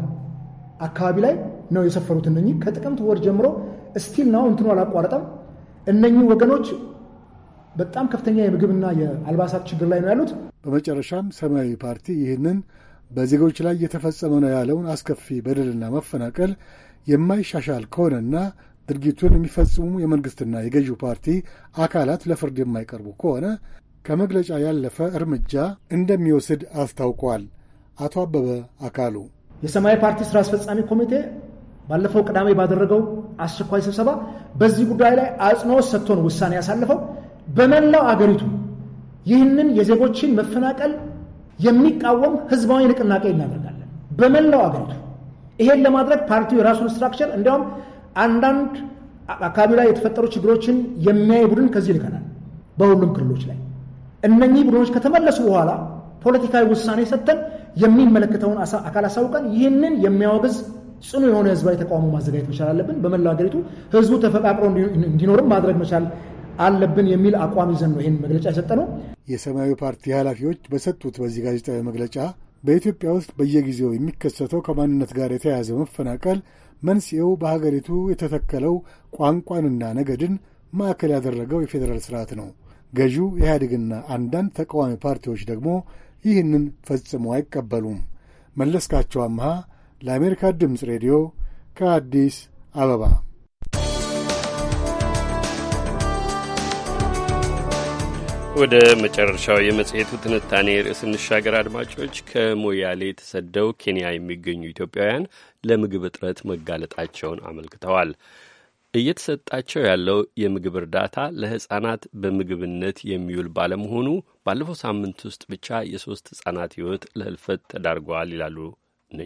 አካባቢ ላይ ነው የሰፈሩት። እነኚህ ከጥቅምት ወር ጀምሮ ስቲል ነው እንትኑ አላቋረጠም። እነኚህ ወገኖች በጣም ከፍተኛ የምግብና የአልባሳት ችግር ላይ ነው ያሉት። በመጨረሻም ሰማያዊ ፓርቲ ይህንን በዜጎች ላይ የተፈጸመ ነው ያለውን አስከፊ በደልና መፈናቀል የማይሻሻል ከሆነና ድርጊቱን የሚፈጽሙ የመንግሥትና የገዢው ፓርቲ አካላት ለፍርድ የማይቀርቡ ከሆነ ከመግለጫ ያለፈ እርምጃ እንደሚወስድ አስታውቋል። አቶ አበበ አካሉ የሰማያዊ ፓርቲ ስራ አስፈጻሚ ኮሚቴ ባለፈው ቅዳሜ ባደረገው አስቸኳይ ስብሰባ በዚህ ጉዳይ ላይ አጽንኦት ሰጥቶን ውሳኔ ያሳልፈው በመላው አገሪቱ ይህንን የዜጎችን መፈናቀል የሚቃወም ህዝባዊ ንቅናቄ እናደርጋለን። በመላው አገሪቱ ይሄን ለማድረግ ፓርቲው የራሱን ስትራክቸር እንዲያውም አንዳንድ አካባቢ ላይ የተፈጠሩ ችግሮችን የሚያይ ቡድን ከዚህ ይልከናል። በሁሉም ክልሎች ላይ እነኚህ ቡድኖች ከተመለሱ በኋላ ፖለቲካዊ ውሳኔ ሰጥተን የሚመለከተውን አካል አሳውቀን ይህንን የሚያወግዝ ጽኑ የሆነ ህዝባዊ ተቃውሞ ማዘጋጀት መቻል አለብን። በመላው ሀገሪቱ ህዝቡ ተፈቃቅሮ እንዲኖርም ማድረግ መቻል አለብን የሚል አቋም ይዘን ነው ይህን መግለጫ የሰጠነው። የሰማያዊ ፓርቲ ኃላፊዎች በሰጡት በዚህ ጋዜጣዊ መግለጫ በኢትዮጵያ ውስጥ በየጊዜው የሚከሰተው ከማንነት ጋር የተያያዘ መፈናቀል መንስኤው በሀገሪቱ የተተከለው ቋንቋንና ነገድን ማዕከል ያደረገው የፌዴራል ስርዓት ነው። ገዢው ኢህአዴግና አንዳንድ ተቃዋሚ ፓርቲዎች ደግሞ ይህንን ፈጽሞ አይቀበሉም። መለስካቸው አምሃ ለአሜሪካ ድምፅ ሬዲዮ ከአዲስ አበባ ወደ መጨረሻው የመጽሔቱ ትንታኔ ርዕስ እንሻገር። አድማጮች ከሞያሌ ተሰደው ኬንያ የሚገኙ ኢትዮጵያውያን ለምግብ እጥረት መጋለጣቸውን አመልክተዋል። እየተሰጣቸው ያለው የምግብ እርዳታ ለሕፃናት በምግብነት የሚውል ባለመሆኑ ባለፈው ሳምንት ውስጥ ብቻ የሶስት ሕፃናት ሕይወት ለህልፈት ተዳርገዋል ይላሉ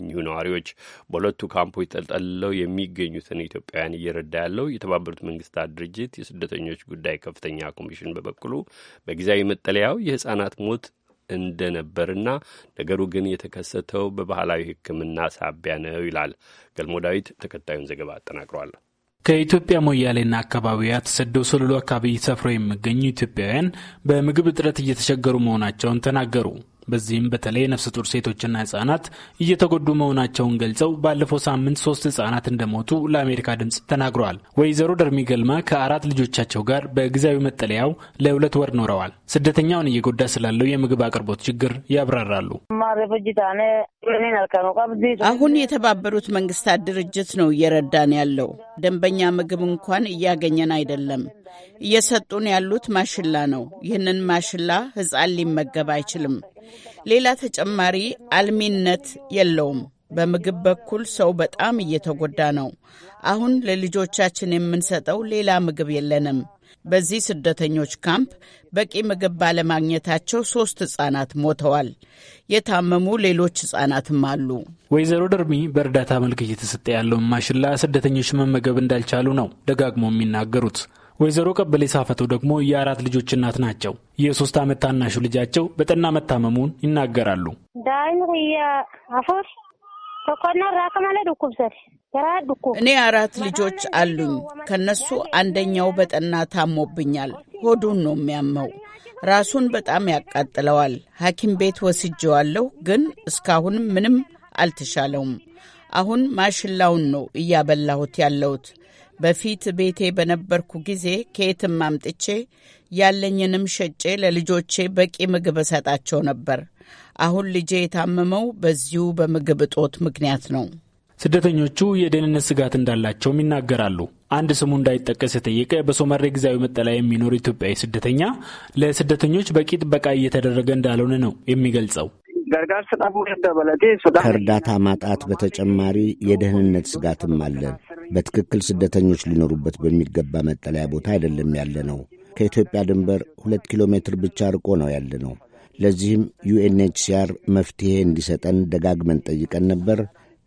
እነኚሁ ነዋሪዎች በሁለቱ ካምፖች ጠልጠለው የሚገኙትን ኢትዮጵያውያን እየረዳ ያለው የተባበሩት መንግስታት ድርጅት የስደተኞች ጉዳይ ከፍተኛ ኮሚሽን በበኩሉ በጊዜያዊ መጠለያው የህጻናት ሞት እንደነበርና ነገሩ ግን የተከሰተው በባህላዊ ሕክምና ሳቢያ ነው ይላል። ገልሞ ዳዊት ተከታዩን ዘገባ አጠናቅሯል። ከኢትዮጵያ ሞያሌና አካባቢዋ ተሰደው ሶሎሎ አካባቢ ሰፍረው የሚገኙ ኢትዮጵያውያን በምግብ እጥረት እየተቸገሩ መሆናቸውን ተናገሩ። በዚህም በተለይ ነፍሰ ጡር ሴቶችና ህጻናት እየተጎዱ መሆናቸውን ገልጸው ባለፈው ሳምንት ሶስት ህጻናት እንደሞቱ ለአሜሪካ ድምፅ ተናግረዋል። ወይዘሮ ደርሚ ገልማ ከአራት ልጆቻቸው ጋር በጊዜያዊ መጠለያው ለሁለት ወር ኖረዋል። ስደተኛውን እየጎዳ ስላለው የምግብ አቅርቦት ችግር ያብራራሉ። አሁን የተባበሩት መንግስታት ድርጅት ነው እየረዳን ያለው። ደንበኛ ምግብ እንኳን እያገኘን አይደለም። እየሰጡን ያሉት ማሽላ ነው። ይህንን ማሽላ ሕፃን ሊመገብ አይችልም። ሌላ ተጨማሪ አልሚነት የለውም። በምግብ በኩል ሰው በጣም እየተጎዳ ነው። አሁን ለልጆቻችን የምንሰጠው ሌላ ምግብ የለንም። በዚህ ስደተኞች ካምፕ በቂ ምግብ ባለማግኘታቸው ሶስት ህጻናት ሞተዋል። የታመሙ ሌሎች ህጻናትም አሉ። ወይዘሮ ደርሚ በእርዳታ መልክ እየተሰጠ ያለውን ማሽላ ስደተኞች መመገብ እንዳልቻሉ ነው ደጋግሞ የሚናገሩት። ወይዘሮ ቀበሌ ሳፈቶ ደግሞ የአራት ልጆች እናት ናቸው። የሶስት ዓመት ታናሹ ልጃቸው በጠና መታመሙን ይናገራሉ። እኔ አራት ልጆች አሉኝ። ከነሱ አንደኛው በጠና ታሞብኛል። ሆዱን ነው የሚያመው። ራሱን በጣም ያቃጥለዋል። ሐኪም ቤት ወስጄዋለሁ፣ ግን እስካሁን ምንም አልተሻለውም። አሁን ማሽላውን ነው እያበላሁት ያለሁት። በፊት ቤቴ በነበርኩ ጊዜ ከየትም አምጥቼ ያለኝንም ሸጬ ለልጆቼ በቂ ምግብ እሰጣቸው ነበር። አሁን ልጄ የታመመው በዚሁ በምግብ እጦት ምክንያት ነው። ስደተኞቹ የደህንነት ስጋት እንዳላቸውም ይናገራሉ። አንድ ስሙ እንዳይጠቀስ የጠየቀ በሶማሌ ጊዜያዊ መጠለያ የሚኖር ኢትዮጵያዊ ስደተኛ ለስደተኞች በቂ ጥበቃ እየተደረገ እንዳልሆነ ነው የሚገልጸው። ከእርዳታ ማጣት በተጨማሪ የደህንነት ስጋትም አለ። በትክክል ስደተኞች ሊኖሩበት በሚገባ መጠለያ ቦታ አይደለም ያለ ነው። ከኢትዮጵያ ድንበር ሁለት ኪሎ ሜትር ብቻ ርቆ ነው ያለ ነው። ለዚህም ዩኤንኤችሲአር መፍትሄ እንዲሰጠን ደጋግመን ጠይቀን ነበር።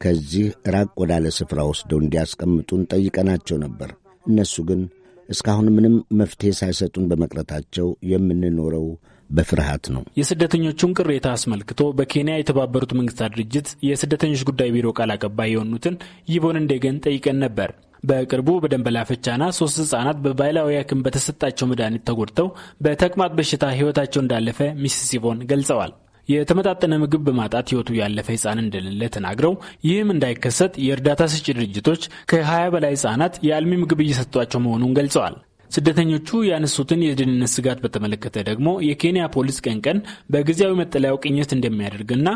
ከዚህ ራቅ ወዳለ ስፍራ ወስደው እንዲያስቀምጡን ጠይቀናቸው ነበር። እነሱ ግን እስካሁን ምንም መፍትሄ ሳይሰጡን በመቅረታቸው የምንኖረው በፍርሃት ነው። የስደተኞቹን ቅሬታ አስመልክቶ በኬንያ የተባበሩት መንግስታት ድርጅት የስደተኞች ጉዳይ ቢሮ ቃል አቀባይ የሆኑትን ይቦን እንደገን ጠይቀን ነበር። በቅርቡ በደንበላ ፍቻና ሶስት ህጻናት በባህላዊ ሐኪም በተሰጣቸው መድኃኒት ተጎድተው በተቅማጥ በሽታ ህይወታቸው እንዳለፈ ሚስስ ይቦን ገልጸዋል። የተመጣጠነ ምግብ በማጣት ህይወቱ ያለፈ ህጻን እንደሌለ ተናግረው ይህም እንዳይከሰት የእርዳታ ሰጪ ድርጅቶች ከ20 በላይ ህጻናት የአልሚ ምግብ እየሰጧቸው መሆኑን ገልጸዋል። ስደተኞቹ ያነሱትን የደህንነት ስጋት በተመለከተ ደግሞ የኬንያ ፖሊስ ቀን ቀን በጊዜያዊ መጠለያው ቅኝት እንደሚያደርግና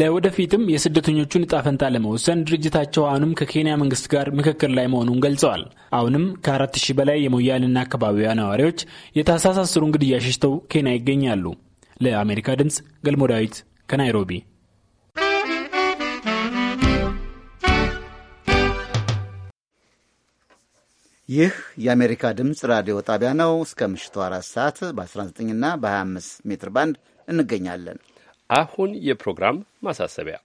ለወደፊትም የስደተኞቹን እጣ ፈንታ ለመወሰን ድርጅታቸው አሁንም ከኬንያ መንግስት ጋር ምክክር ላይ መሆኑን ገልጸዋል። አሁንም ከአራት ሺህ በላይ የሞያሌና አካባቢዋ ነዋሪዎች የታህሳስ አስሩን ግድያ ሸሽተው ኬንያ ይገኛሉ። ለአሜሪካ ድምፅ ገልሞ ዳዊት ከናይሮቢ ይህ የአሜሪካ ድምፅ ራዲዮ ጣቢያ ነው። እስከ ምሽቱ አራት ሰዓት በ19ና በ25 ሜትር ባንድ እንገኛለን። አሁን የፕሮግራም ማሳሰቢያ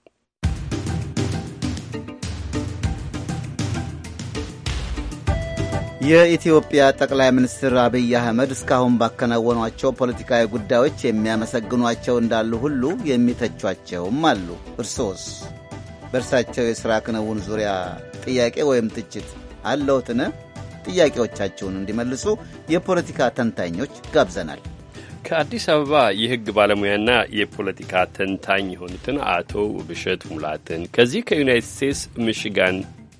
የኢትዮጵያ ጠቅላይ ሚኒስትር አብይ አህመድ እስካሁን ባከናወኗቸው ፖለቲካዊ ጉዳዮች የሚያመሰግኗቸው እንዳሉ ሁሉ የሚተቿቸውም አሉ። እርሶስ በእርሳቸው የሥራ ክንውን ዙሪያ ጥያቄ ወይም ትችት አለውትን? ጥያቄዎቻቸውን እንዲመልሱ የፖለቲካ ተንታኞች ጋብዘናል። ከአዲስ አበባ የሕግ ባለሙያና የፖለቲካ ተንታኝ የሆኑትን አቶ ውብሸት ሙላትን ከዚህ ከዩናይትድ ስቴትስ ምሽጋን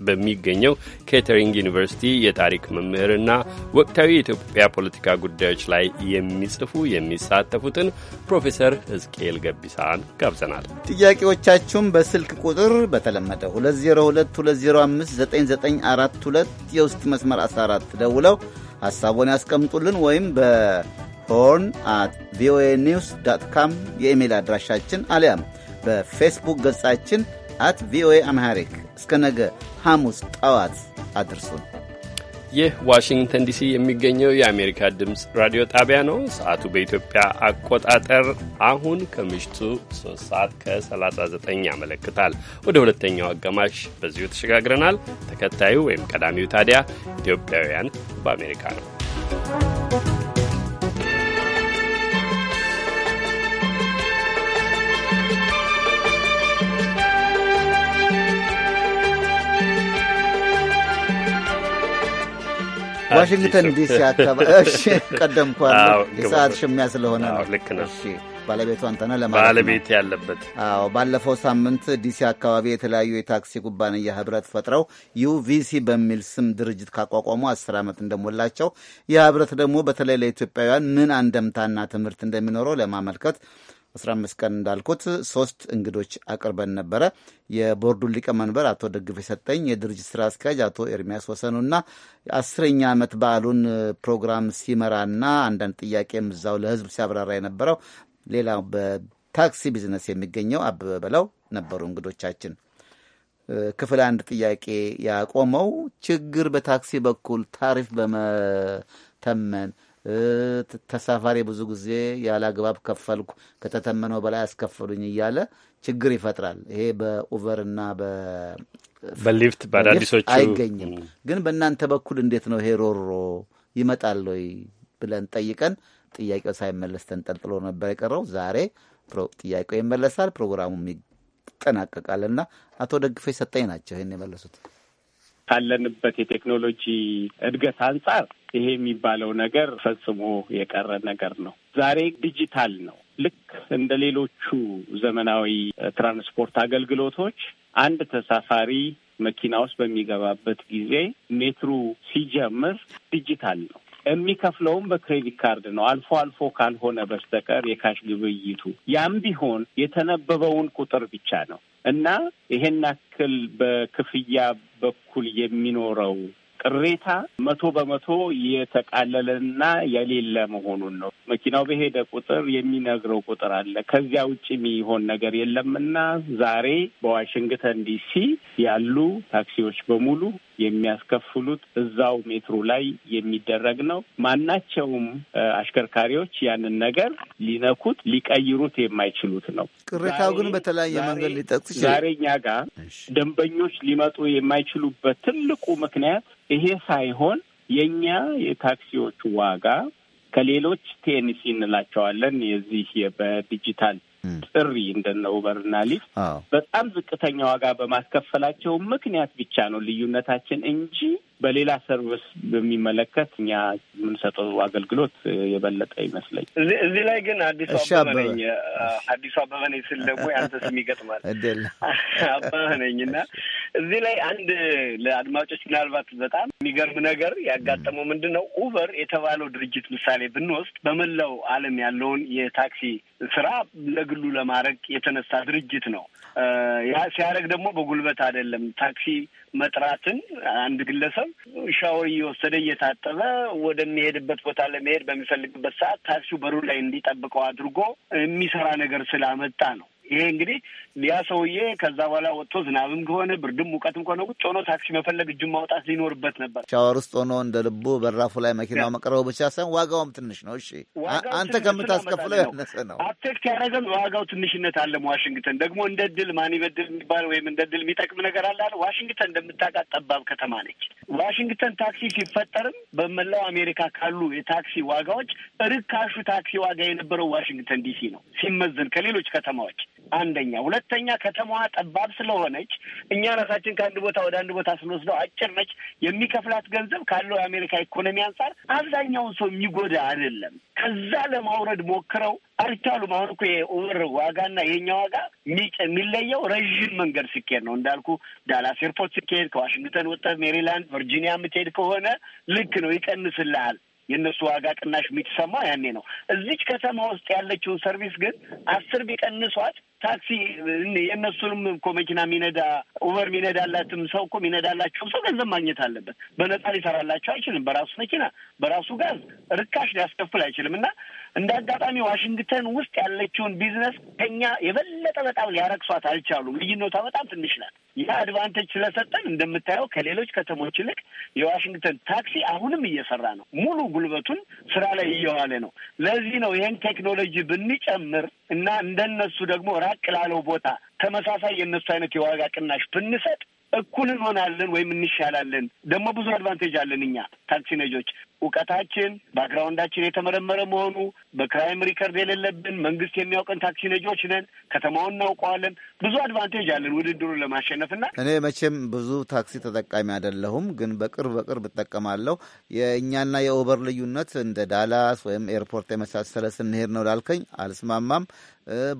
በሚገኘው ኬተሪንግ ዩኒቨርሲቲ የታሪክ መምህርና ወቅታዊ የኢትዮጵያ ፖለቲካ ጉዳዮች ላይ የሚጽፉ የሚሳተፉትን ፕሮፌሰር ሕዝቅኤል ገቢሳን ጋብዘናል። ጥያቄዎቻችሁም በስልክ ቁጥር በተለመደ 2022059942 የውስጥ መስመር 14 ደውለው ሐሳቡን ያስቀምጡልን ወይም በ ሆርን አት ቪኦኤ ኒውስ ዳት ካም የኢሜይል አድራሻችን አሊያም በፌስቡክ ገጻችን አት ቪኦኤ አምሃሪክ እስከ ነገ ሐሙስ ጠዋት አድርሱን። ይህ ዋሽንግተን ዲሲ የሚገኘው የአሜሪካ ድምፅ ራዲዮ ጣቢያ ነው። ሰዓቱ በኢትዮጵያ አቆጣጠር አሁን ከምሽቱ 3 ሰዓት ከ39 ያመለክታል። ወደ ሁለተኛው አጋማሽ በዚሁ ተሸጋግረናል። ተከታዩ ወይም ቀዳሚው ታዲያ ኢትዮጵያውያን በአሜሪካ ነው። ዋሽንግተን ዲሲ አካባቢ። እሺ ቀደምኳለሁ፣ የሰዓት ሽሚያ ስለሆነ ነው። ልክ ነው። እሺ ባለቤቱ አንተነህ ለማለት ባለቤት ያለበት። አዎ ባለፈው ሳምንት ዲሲ አካባቢ የተለያዩ የታክሲ ኩባንያ ህብረት ፈጥረው ዩቪሲ በሚል ስም ድርጅት ካቋቋሙ አስር ዓመት እንደሞላቸው ይህ ህብረት ደግሞ በተለይ ለኢትዮጵያውያን ምን አንደምታና ትምህርት እንደሚኖረው ለማመልከት 15 ቀን እንዳልኩት ሶስት እንግዶች አቅርበን ነበረ። የቦርዱን ሊቀመንበር አቶ ደግፍ የሰጠኝ፣ የድርጅት ስራ አስኪያጅ አቶ ኤርሚያስ ወሰኑና አስረኛ ዓመት በዓሉን ፕሮግራም ሲመራና አንዳንድ ጥያቄም እዛው ለህዝብ ሲያብራራ የነበረው ሌላው በታክሲ ቢዝነስ የሚገኘው አበበ በለው ነበሩ እንግዶቻችን። ክፍል አንድ ጥያቄ ያቆመው ችግር በታክሲ በኩል ታሪፍ በመተመን ተሳፋሪ ብዙ ጊዜ ያለ አግባብ ከፈልኩ፣ ከተተመነው በላይ አስከፈሉኝ እያለ ችግር ይፈጥራል። ይሄ በኡቨር እና በሊፍት በአዳዲሶቹ አይገኝም። ግን በእናንተ በኩል እንዴት ነው ይሄ ሮሮ ይመጣል ወይ ብለን ጠይቀን ጥያቄው ሳይመለስ ተንጠልጥሎ ነበር የቀረው። ዛሬ ጥያቄው ይመለሳል፣ ፕሮግራሙም ይጠናቀቃል እና አቶ ደግፈ ሰጠኝ ናቸው ይህን የመለሱት። ካለንበት የቴክኖሎጂ እድገት አንጻር ይሄ የሚባለው ነገር ፈጽሞ የቀረ ነገር ነው። ዛሬ ዲጂታል ነው። ልክ እንደ ሌሎቹ ዘመናዊ ትራንስፖርት አገልግሎቶች አንድ ተሳፋሪ መኪና ውስጥ በሚገባበት ጊዜ ሜትሩ ሲጀምር ዲጂታል ነው። የሚከፍለውም በክሬዲት ካርድ ነው፣ አልፎ አልፎ ካልሆነ በስተቀር የካሽ ግብይቱ። ያም ቢሆን የተነበበውን ቁጥር ብቻ ነው እና ይሄን ያክል በክፍያ በኩል የሚኖረው ቅሬታ መቶ በመቶ የተቃለለና የሌለ መሆኑን ነው። መኪናው በሄደ ቁጥር የሚነግረው ቁጥር አለ። ከዚያ ውጭ የሚሆን ነገር የለምና ዛሬ በዋሽንግተን ዲሲ ያሉ ታክሲዎች በሙሉ የሚያስከፍሉት እዛው ሜትሮ ላይ የሚደረግ ነው። ማናቸውም አሽከርካሪዎች ያንን ነገር ሊነኩት ሊቀይሩት የማይችሉት ነው። ቅሬታው ግን በተለያየ መንገድ ሊጠቅስ ይችላል። ዛሬ እኛ ጋር ደንበኞች ሊመጡ የማይችሉበት ትልቁ ምክንያት ይሄ ሳይሆን የእኛ የታክሲዎች ዋጋ ከሌሎች ቴኒሲ እንላቸዋለን የዚህ በዲጂታል ጥሪ እንደነ ኡበር በጣም ዝቅተኛ ዋጋ በማስከፈላቸው ምክንያት ብቻ ነው ልዩነታችን እንጂ በሌላ ሰርቪስ በሚመለከት እኛ የምንሰጠው አገልግሎት የበለጠ ይመስለኝ። እዚህ ላይ ግን አዲሱ አበበ ነኝ አዲሱ አበበ ነኝ ስል ደግሞ ያንተ ስም ይገጥማል። አበበ ነኝ እና እዚህ ላይ አንድ ለአድማጮች ምናልባት በጣም የሚገርም ነገር ያጋጠመው ምንድን ነው ኡበር የተባለው ድርጅት ምሳሌ ብንወስድ በመላው ዓለም ያለውን የታክሲ ስራ ለግሉ ለማድረግ የተነሳ ድርጅት ነው። ያ ሲያደርግ ደግሞ በጉልበት አይደለም። ታክሲ መጥራትን አንድ ግለሰብ ሻወር እየወሰደ እየታጠበ ወደሚሄድበት ቦታ ለመሄድ በሚፈልግበት ሰዓት ታክሲው በሩ ላይ እንዲጠብቀው አድርጎ የሚሰራ ነገር ስላመጣ ነው። ይሄ እንግዲህ ያ ሰውዬ ከዛ በኋላ ወጥቶ ዝናብም ከሆነ ብርድም ሙቀትም ከሆነ ውጭ ሆኖ ታክሲ መፈለግ እጁን ማውጣት ሊኖርበት ነበር። ሻወር ውስጥ ሆኖ እንደ ልቡ በራፉ ላይ መኪናው መቅረቡ ብቻ ሳይሆን ዋጋውም ትንሽ ነው። እሺ አንተ ከምታስከፍለው ያነሰ ነው። አቴክት ያደረገን ዋጋው ትንሽነት አለም። ዋሽንግተን ደግሞ እንደ ድል ማን ይበድል የሚባል ወይም እንደ ድል የሚጠቅም ነገር አለ አለ። ዋሽንግተን እንደምታውቃት ጠባብ ከተማ ነች። ዋሽንግተን ታክሲ ሲፈጠርም በመላው አሜሪካ ካሉ የታክሲ ዋጋዎች ርካሹ ታክሲ ዋጋ የነበረው ዋሽንግተን ዲሲ ነው ሲመዘን ከሌሎች ከተማዎች አንደኛ። ሁለተኛ ከተማዋ ጠባብ ስለሆነች እኛ ራሳችን ከአንድ ቦታ ወደ አንድ ቦታ ስንወስደው አጭር ነች። የሚከፍላት ገንዘብ ካለው የአሜሪካ ኢኮኖሚ አንጻር አብዛኛውን ሰው የሚጎዳ አይደለም። ከዛ ለማውረድ ሞክረው አልቻሉም። አሁን እኮ የኡበር ዋጋና የኛ ዋጋ የሚለየው ረዥም መንገድ ስኬድ ነው። እንዳልኩ ዳላስ ኤርፖርት ሲኬድ፣ ከዋሽንግተን ወጥተህ ሜሪላንድ፣ ቨርጂኒያ የምትሄድ ከሆነ ልክ ነው ይቀንስልሃል። የእነሱ ዋጋ ቅናሽ የሚሰማው ያኔ ነው። እዚች ከተማ ውስጥ ያለችውን ሰርቪስ ግን አስር ቢቀንሷት ታክሲ የእነሱንም እኮ መኪና የሚነዳ ኡበር የሚነዳላትም ሰው እኮ የሚነዳላቸውም ሰው ገንዘብ ማግኘት አለበት። በነፃ ሊሰራላቸው አይችልም። በራሱ መኪና በራሱ ጋዝ ርካሽ ሊያስከፍል አይችልም እና እንደ አጋጣሚ ዋሽንግተን ውስጥ ያለችውን ቢዝነስ ከኛ የበለጠ በጣም ሊያረግሷት አልቻሉም። ልዩነቷ በጣም ትንሽ ናት። ያ አድቫንቴጅ ስለሰጠን እንደምታየው ከሌሎች ከተሞች ይልቅ የዋሽንግተን ታክሲ አሁንም እየሰራ ነው። ሙሉ ጉልበቱን ስራ ላይ እየዋለ ነው። ለዚህ ነው ይህን ቴክኖሎጂ ብንጨምር እና እንደነሱ ደግሞ ራቅ ላለው ቦታ ተመሳሳይ የእነሱ አይነት የዋጋ ቅናሽ ብንሰጥ እኩል እንሆናለን ወይም እንሻላለን። ደግሞ ብዙ አድቫንቴጅ አለን እኛ ታክሲ ነጆች። እውቀታችን ባክግራውንዳችን የተመረመረ መሆኑ በክራይም ሪከርድ የሌለብን መንግስት የሚያውቀን ታክሲ ነጂዎች ነን። ከተማውን እናውቀዋለን። ብዙ አድቫንቴጅ አለን ውድድሩን ለማሸነፍ እና እኔ መቼም ብዙ ታክሲ ተጠቃሚ አይደለሁም፣ ግን በቅርብ በቅርብ እጠቀማለሁ። የእኛና የኦቨር ልዩነት እንደ ዳላስ ወይም ኤርፖርት የመሳሰለ ስንሄድ ነው ላልከኝ አልስማማም።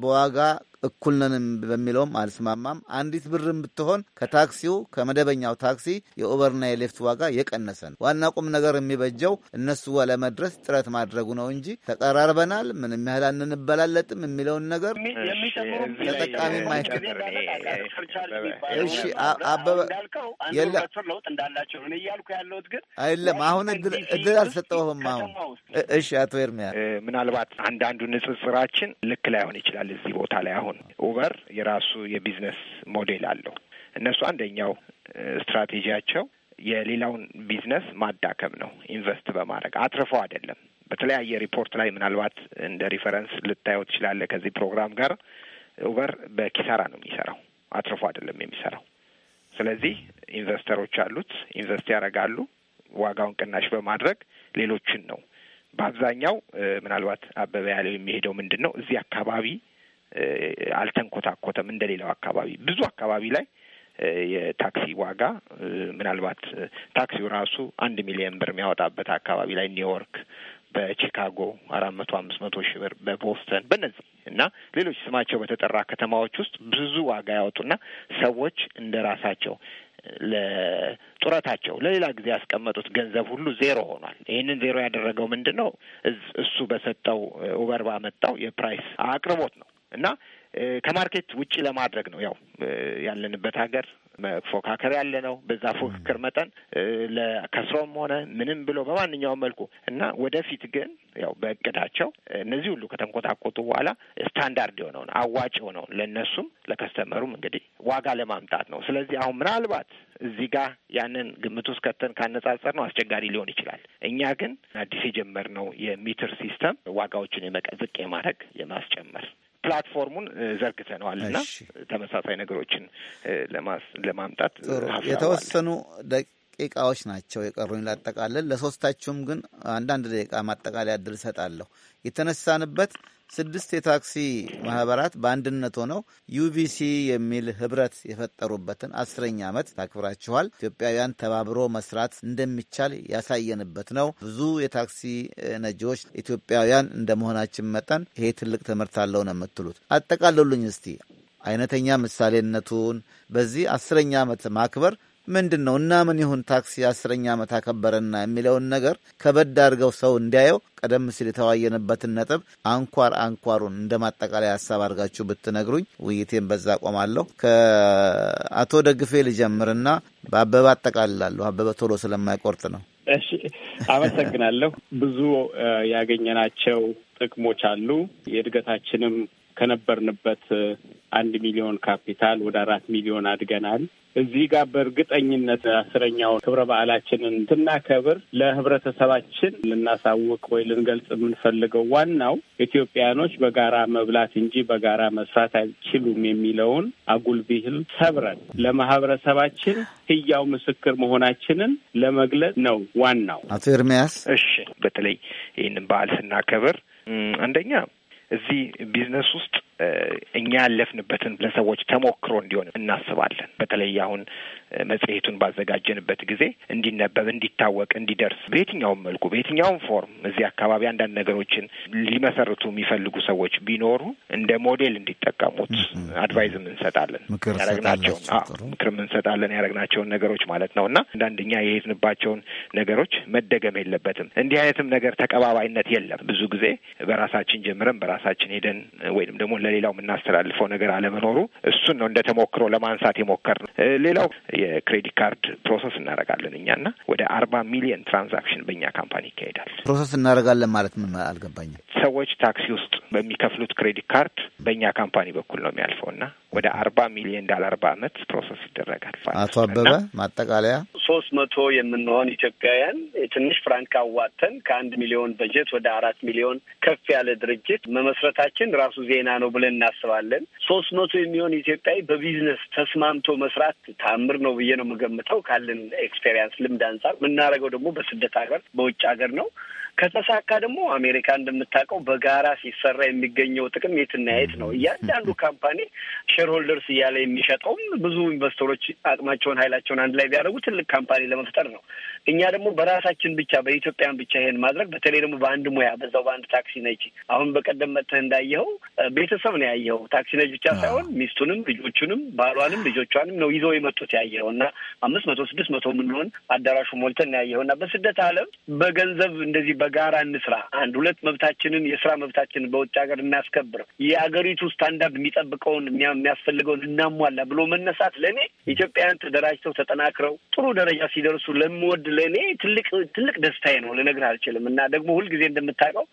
በዋጋ እኩል ነን በሚለውም አልስማማም። አንዲት ብርም ብትሆን ከታክሲው ከመደበኛው ታክሲ የኦቨርና የሌፍት ዋጋ የቀነሰ ነው። ዋና ቁም ነገር የሚበጀው እነሱ ለመድረስ ጥረት ማድረጉ ነው እንጂ ተቀራርበናል፣ ምንም ያህል አንበላለጥም የሚለውን ነገር ተጠቃሚ ማይችል አይደለም። አሁን እድል አልሰጠውም። አሁን እሺ፣ አቶ ኤርሚያ ምናልባት አንዳንዱ ንጽጽራችን ልክ ላይሆን ሊባል ይችላል እዚህ ቦታ ላይ አሁን ኡበር የራሱ የቢዝነስ ሞዴል አለው። እነሱ አንደኛው ስትራቴጂያቸው የሌላውን ቢዝነስ ማዳከም ነው። ኢንቨስት በማድረግ አትርፈው አይደለም። በተለያየ ሪፖርት ላይ ምናልባት እንደ ሪፈረንስ ልታየው ትችላለህ። ከዚህ ፕሮግራም ጋር ኡበር በኪሳራ ነው የሚሰራው፣ አትርፎ አይደለም የሚሰራው። ስለዚህ ኢንቨስተሮች አሉት፣ ኢንቨስት ያደርጋሉ። ዋጋውን ቅናሽ በማድረግ ሌሎችን ነው በአብዛኛው ምናልባት አበበ ያለው የሚሄደው ምንድን ነው እዚህ አካባቢ አልተንኮታኮተም እንደሌላው አካባቢ ብዙ አካባቢ ላይ የታክሲ ዋጋ ምናልባት ታክሲው ራሱ አንድ ሚሊዮን ብር የሚያወጣበት አካባቢ ላይ ኒውዮርክ፣ በቺካጎ አራት መቶ አምስት መቶ ሺህ ብር በቦስተን በነዚህ እና ሌሎች ስማቸው በተጠራ ከተማዎች ውስጥ ብዙ ዋጋ ያወጡና ሰዎች እንደ ራሳቸው ለጡረታቸው ለሌላ ጊዜ ያስቀመጡት ገንዘብ ሁሉ ዜሮ ሆኗል። ይህንን ዜሮ ያደረገው ምንድን ነው? እሱ በሰጠው ኡበር ባመጣው የፕራይስ አቅርቦት ነው እና ከማርኬት ውጪ ለማድረግ ነው። ያው ያለንበት ሀገር መፎካከር ያለ ነው። በዛ ፉክክር መጠን ለከስሮም ሆነ ምንም ብሎ በማንኛውም መልኩ እና ወደፊት ግን ያው በእቅዳቸው እነዚህ ሁሉ ከተንኮታኮቱ በኋላ ስታንዳርድ የሆነውን አዋጭ የሆነውን ለእነሱም ለከስተመሩም እንግዲህ ዋጋ ለማምጣት ነው። ስለዚህ አሁን ምናልባት እዚህ ጋር ያንን ግምት ውስጥ ከተን ካነጻጸር ነው አስቸጋሪ ሊሆን ይችላል። እኛ ግን አዲስ የጀመርነው የሚትር ሲስተም ዋጋዎችን የመቀዝቅ የማድረግ የማስጨመር ፕላትፎርሙን ዘርግተነዋል እና ተመሳሳይ ነገሮችን ለማምጣት የተወሰኑ ደቂቃዎች ናቸው የቀሩኝ ላጠቃለል። ለሶስታችሁም ግን አንዳንድ ደቂቃ ማጠቃለያ እድል እሰጣለሁ። የተነሳንበት ስድስት የታክሲ ማህበራት በአንድነት ሆነው ዩቪሲ የሚል ህብረት የፈጠሩበትን አስረኛ ዓመት ታክብራችኋል። ኢትዮጵያውያን ተባብሮ መስራት እንደሚቻል ያሳየንበት ነው። ብዙ የታክሲ ነጂዎች ኢትዮጵያውያን እንደመሆናችን መጠን ይሄ ትልቅ ትምህርት አለው ነው የምትሉት። አጠቃልሉኝ እስቲ አይነተኛ ምሳሌነቱን በዚህ አስረኛ ዓመት ማክበር ምንድን ነው እና ምን ይሁን ታክሲ አስረኛ ዓመት አከበረና የሚለውን ነገር ከበድ አድርገው ሰው እንዲያየው ቀደም ሲል የተዋየንበትን ነጥብ አንኳር አንኳሩን እንደ ማጠቃላይ ሀሳብ አድርጋችሁ ብትነግሩኝ ውይይቴን በዛ ቆማለሁ። ከአቶ ደግፌ ልጀምርና በአበበ አጠቃልላለሁ። አበበ ቶሎ ስለማይቆርጥ ነው። እሺ፣ አመሰግናለሁ። ብዙ ያገኘናቸው ጥቅሞች አሉ። የእድገታችንም ከነበርንበት አንድ ሚሊዮን ካፒታል ወደ አራት ሚሊዮን አድገናል። እዚህ ጋር በእርግጠኝነት አስረኛውን ክብረ በዓላችንን ስናከብር ለህብረተሰባችን ልናሳውቅ ወይ ልንገልጽ የምንፈልገው ዋናው ኢትዮጵያኖች በጋራ መብላት እንጂ በጋራ መስራት አይችሉም የሚለውን አጉል ብሂል ሰብረን ለማህበረሰባችን ህያው ምስክር መሆናችንን ለመግለጽ ነው ዋናው። አቶ ኤርሚያስ እሺ፣ በተለይ ይህንን በዓል ስናከብር አንደኛ እዚህ ቢዝነስ ውስጥ እኛ ያለፍንበትን ለሰዎች ተሞክሮ እንዲሆን እናስባለን። በተለይ አሁን መጽሔቱን ባዘጋጀንበት ጊዜ እንዲነበብ፣ እንዲታወቅ፣ እንዲደርስ በየትኛውም መልኩ በየትኛውም ፎርም እዚህ አካባቢ አንዳንድ ነገሮችን ሊመሰርቱ የሚፈልጉ ሰዎች ቢኖሩ እንደ ሞዴል እንዲጠቀሙት አድቫይዝም እንሰጣለን። ያረግናቸውን ምክርም እንሰጣለን። ያረግናቸውን ነገሮች ማለት ነው እና አንዳንድ ኛ የሄድንባቸውን ነገሮች መደገም የለበትም። እንዲህ አይነትም ነገር ተቀባባይነት የለም። ብዙ ጊዜ በራሳችን ጀምረን በራሳችን ሄደን ወይም ደግሞ ለሌላው የምናስተላልፈው ነገር አለመኖሩ እሱን ነው እንደ ተሞክሮ ለማንሳት የሞከር ነው። ሌላው የክሬዲት ካርድ ፕሮሰስ እናደርጋለን እኛና ወደ አርባ ሚሊየን ትራንዛክሽን በእኛ ካምፓኒ ይካሄዳል። ፕሮሰስ እናደርጋለን ማለት ምን አልገባኝም። ሰዎች ታክሲ ውስጥ በሚከፍሉት ክሬዲት ካርድ በእኛ ካምፓኒ በኩል ነው የሚያልፈው እና ወደ አርባ ሚሊዮን ዳላር በአመት ፕሮሰስ ይደረጋል። አቶ አበበ ማጠቃለያ ሶስት መቶ የምንሆን ኢትዮጵያውያን ትንሽ ፍራንክ አዋጥተን ከአንድ ሚሊዮን በጀት ወደ አራት ሚሊዮን ከፍ ያለ ድርጅት መመስረታችን ራሱ ዜና ነው ብለን እናስባለን። ሶስት መቶ የሚሆን ኢትዮጵያዊ በቢዝነስ ተስማምቶ መስራት ታምር ነው ብዬ ነው የምገምተው ካለን ኤክስፔሪንስ ልምድ አንጻር የምናደርገው ደግሞ በስደት ሀገር በውጭ ሀገር ነው። ከተሳካ ደግሞ አሜሪካ እንደምታውቀው በጋራ ሲሰራ የሚገኘው ጥቅም የትና የት ነው። እያንዳንዱ ካምፓኒ ሼርሆልደርስ ሆልደርስ እያለ የሚሸጠውም ብዙ ኢንቨስተሮች አቅማቸውን ኃይላቸውን አንድ ላይ ቢያደርጉ ትልቅ ካምፓኒ ለመፍጠር ነው። እኛ ደግሞ በራሳችን ብቻ በኢትዮጵያን ብቻ ይሄን ማድረግ በተለይ ደግሞ በአንድ ሙያ በዛው በአንድ ታክሲ ነች። አሁን በቀደም መጥተህ እንዳየኸው ቤተሰብ ነው ያየኸው። ታክሲ ነች ብቻ ሳይሆን ሚስቱንም፣ ልጆቹንም፣ ባሏንም ልጆቿንም ነው ይዘው የመጡት ያየኸው እና አምስት መቶ ስድስት መቶ የምንሆን አዳራሹ ሞልተን ያየኸው እና በስደት ዓለም በገንዘብ እንደዚህ በጋራ እንስራ አንድ ሁለት መብታችንን የስራ መብታችንን በውጭ ሀገር እናስከብር የአገሪቱ ስታንዳርድ የሚጠብቀውን የሚያስፈልገውን እናሟላ ብሎ መነሳት ለእኔ ኢትዮጵያውያን ተደራጅተው ተጠናክረው ጥሩ ደረጃ ሲደርሱ ለምወድ ለእኔ ትልቅ ትልቅ ደስታዬ ነው። ልነግርህ አልችልም። እና ደግሞ ሁልጊዜ እንደምታውቀው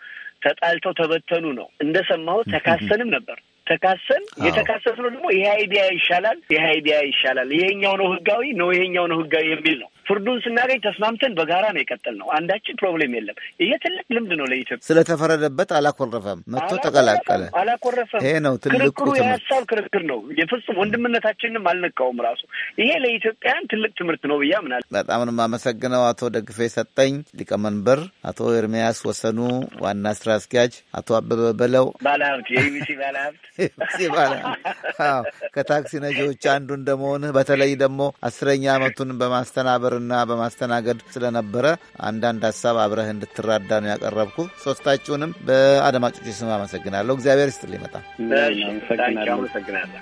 ተጣልተው ተበተኑ ነው እንደሰማሁ ተካሰንም ነበር ተካሰን የተካሰስ ነው ደግሞ ይሄ አይዲያ ይሻላል፣ ይሄ አይዲያ ይሻላል፣ ይሄኛው ነው ህጋዊ ነው፣ ይሄኛው ነው ህጋዊ የሚል ነው ፍርዱን ስናገኝ ተስማምተን በጋራ ነው የቀጠል ነው። አንዳችን ፕሮብሌም የለም። ይሄ ትልቅ ልምድ ነው ለኢትዮጵያ። ስለተፈረደበት አላኮረፈም፣ መጥቶ ተቀላቀለ፣ አላኮረፈም። ይሄ ነው ትልቁ የሀሳብ ክርክር ነው። የፍጹም ወንድምነታችንንም አልነቃውም። ራሱ ይሄ ለኢትዮጵያን ትልቅ ትምህርት ነው ብዬ አምናለሁ። በጣም ነው የማመሰግነው አቶ ደግፌ ሰጠኝ ሊቀመንበር፣ አቶ ኤርሚያስ ወሰኑ ዋና ስራ አስኪያጅ፣ አቶ አበበ በለው ባለሀብት፣ የኢቢሲ ባለሀብት ከታክሲ ነጂዎች አንዱ እንደመሆንህ በተለይ ደግሞ አስረኛ ዓመቱን በማስተናበር በመምከርና በማስተናገድ ስለነበረ አንዳንድ ሀሳብ አብረህ እንድትራዳ ነው ያቀረብኩ። ሶስታችሁንም በአድማጮች ስም አመሰግናለሁ። እግዚአብሔር ይስጥልኝ። ይመጣ አመሰግናለሁ።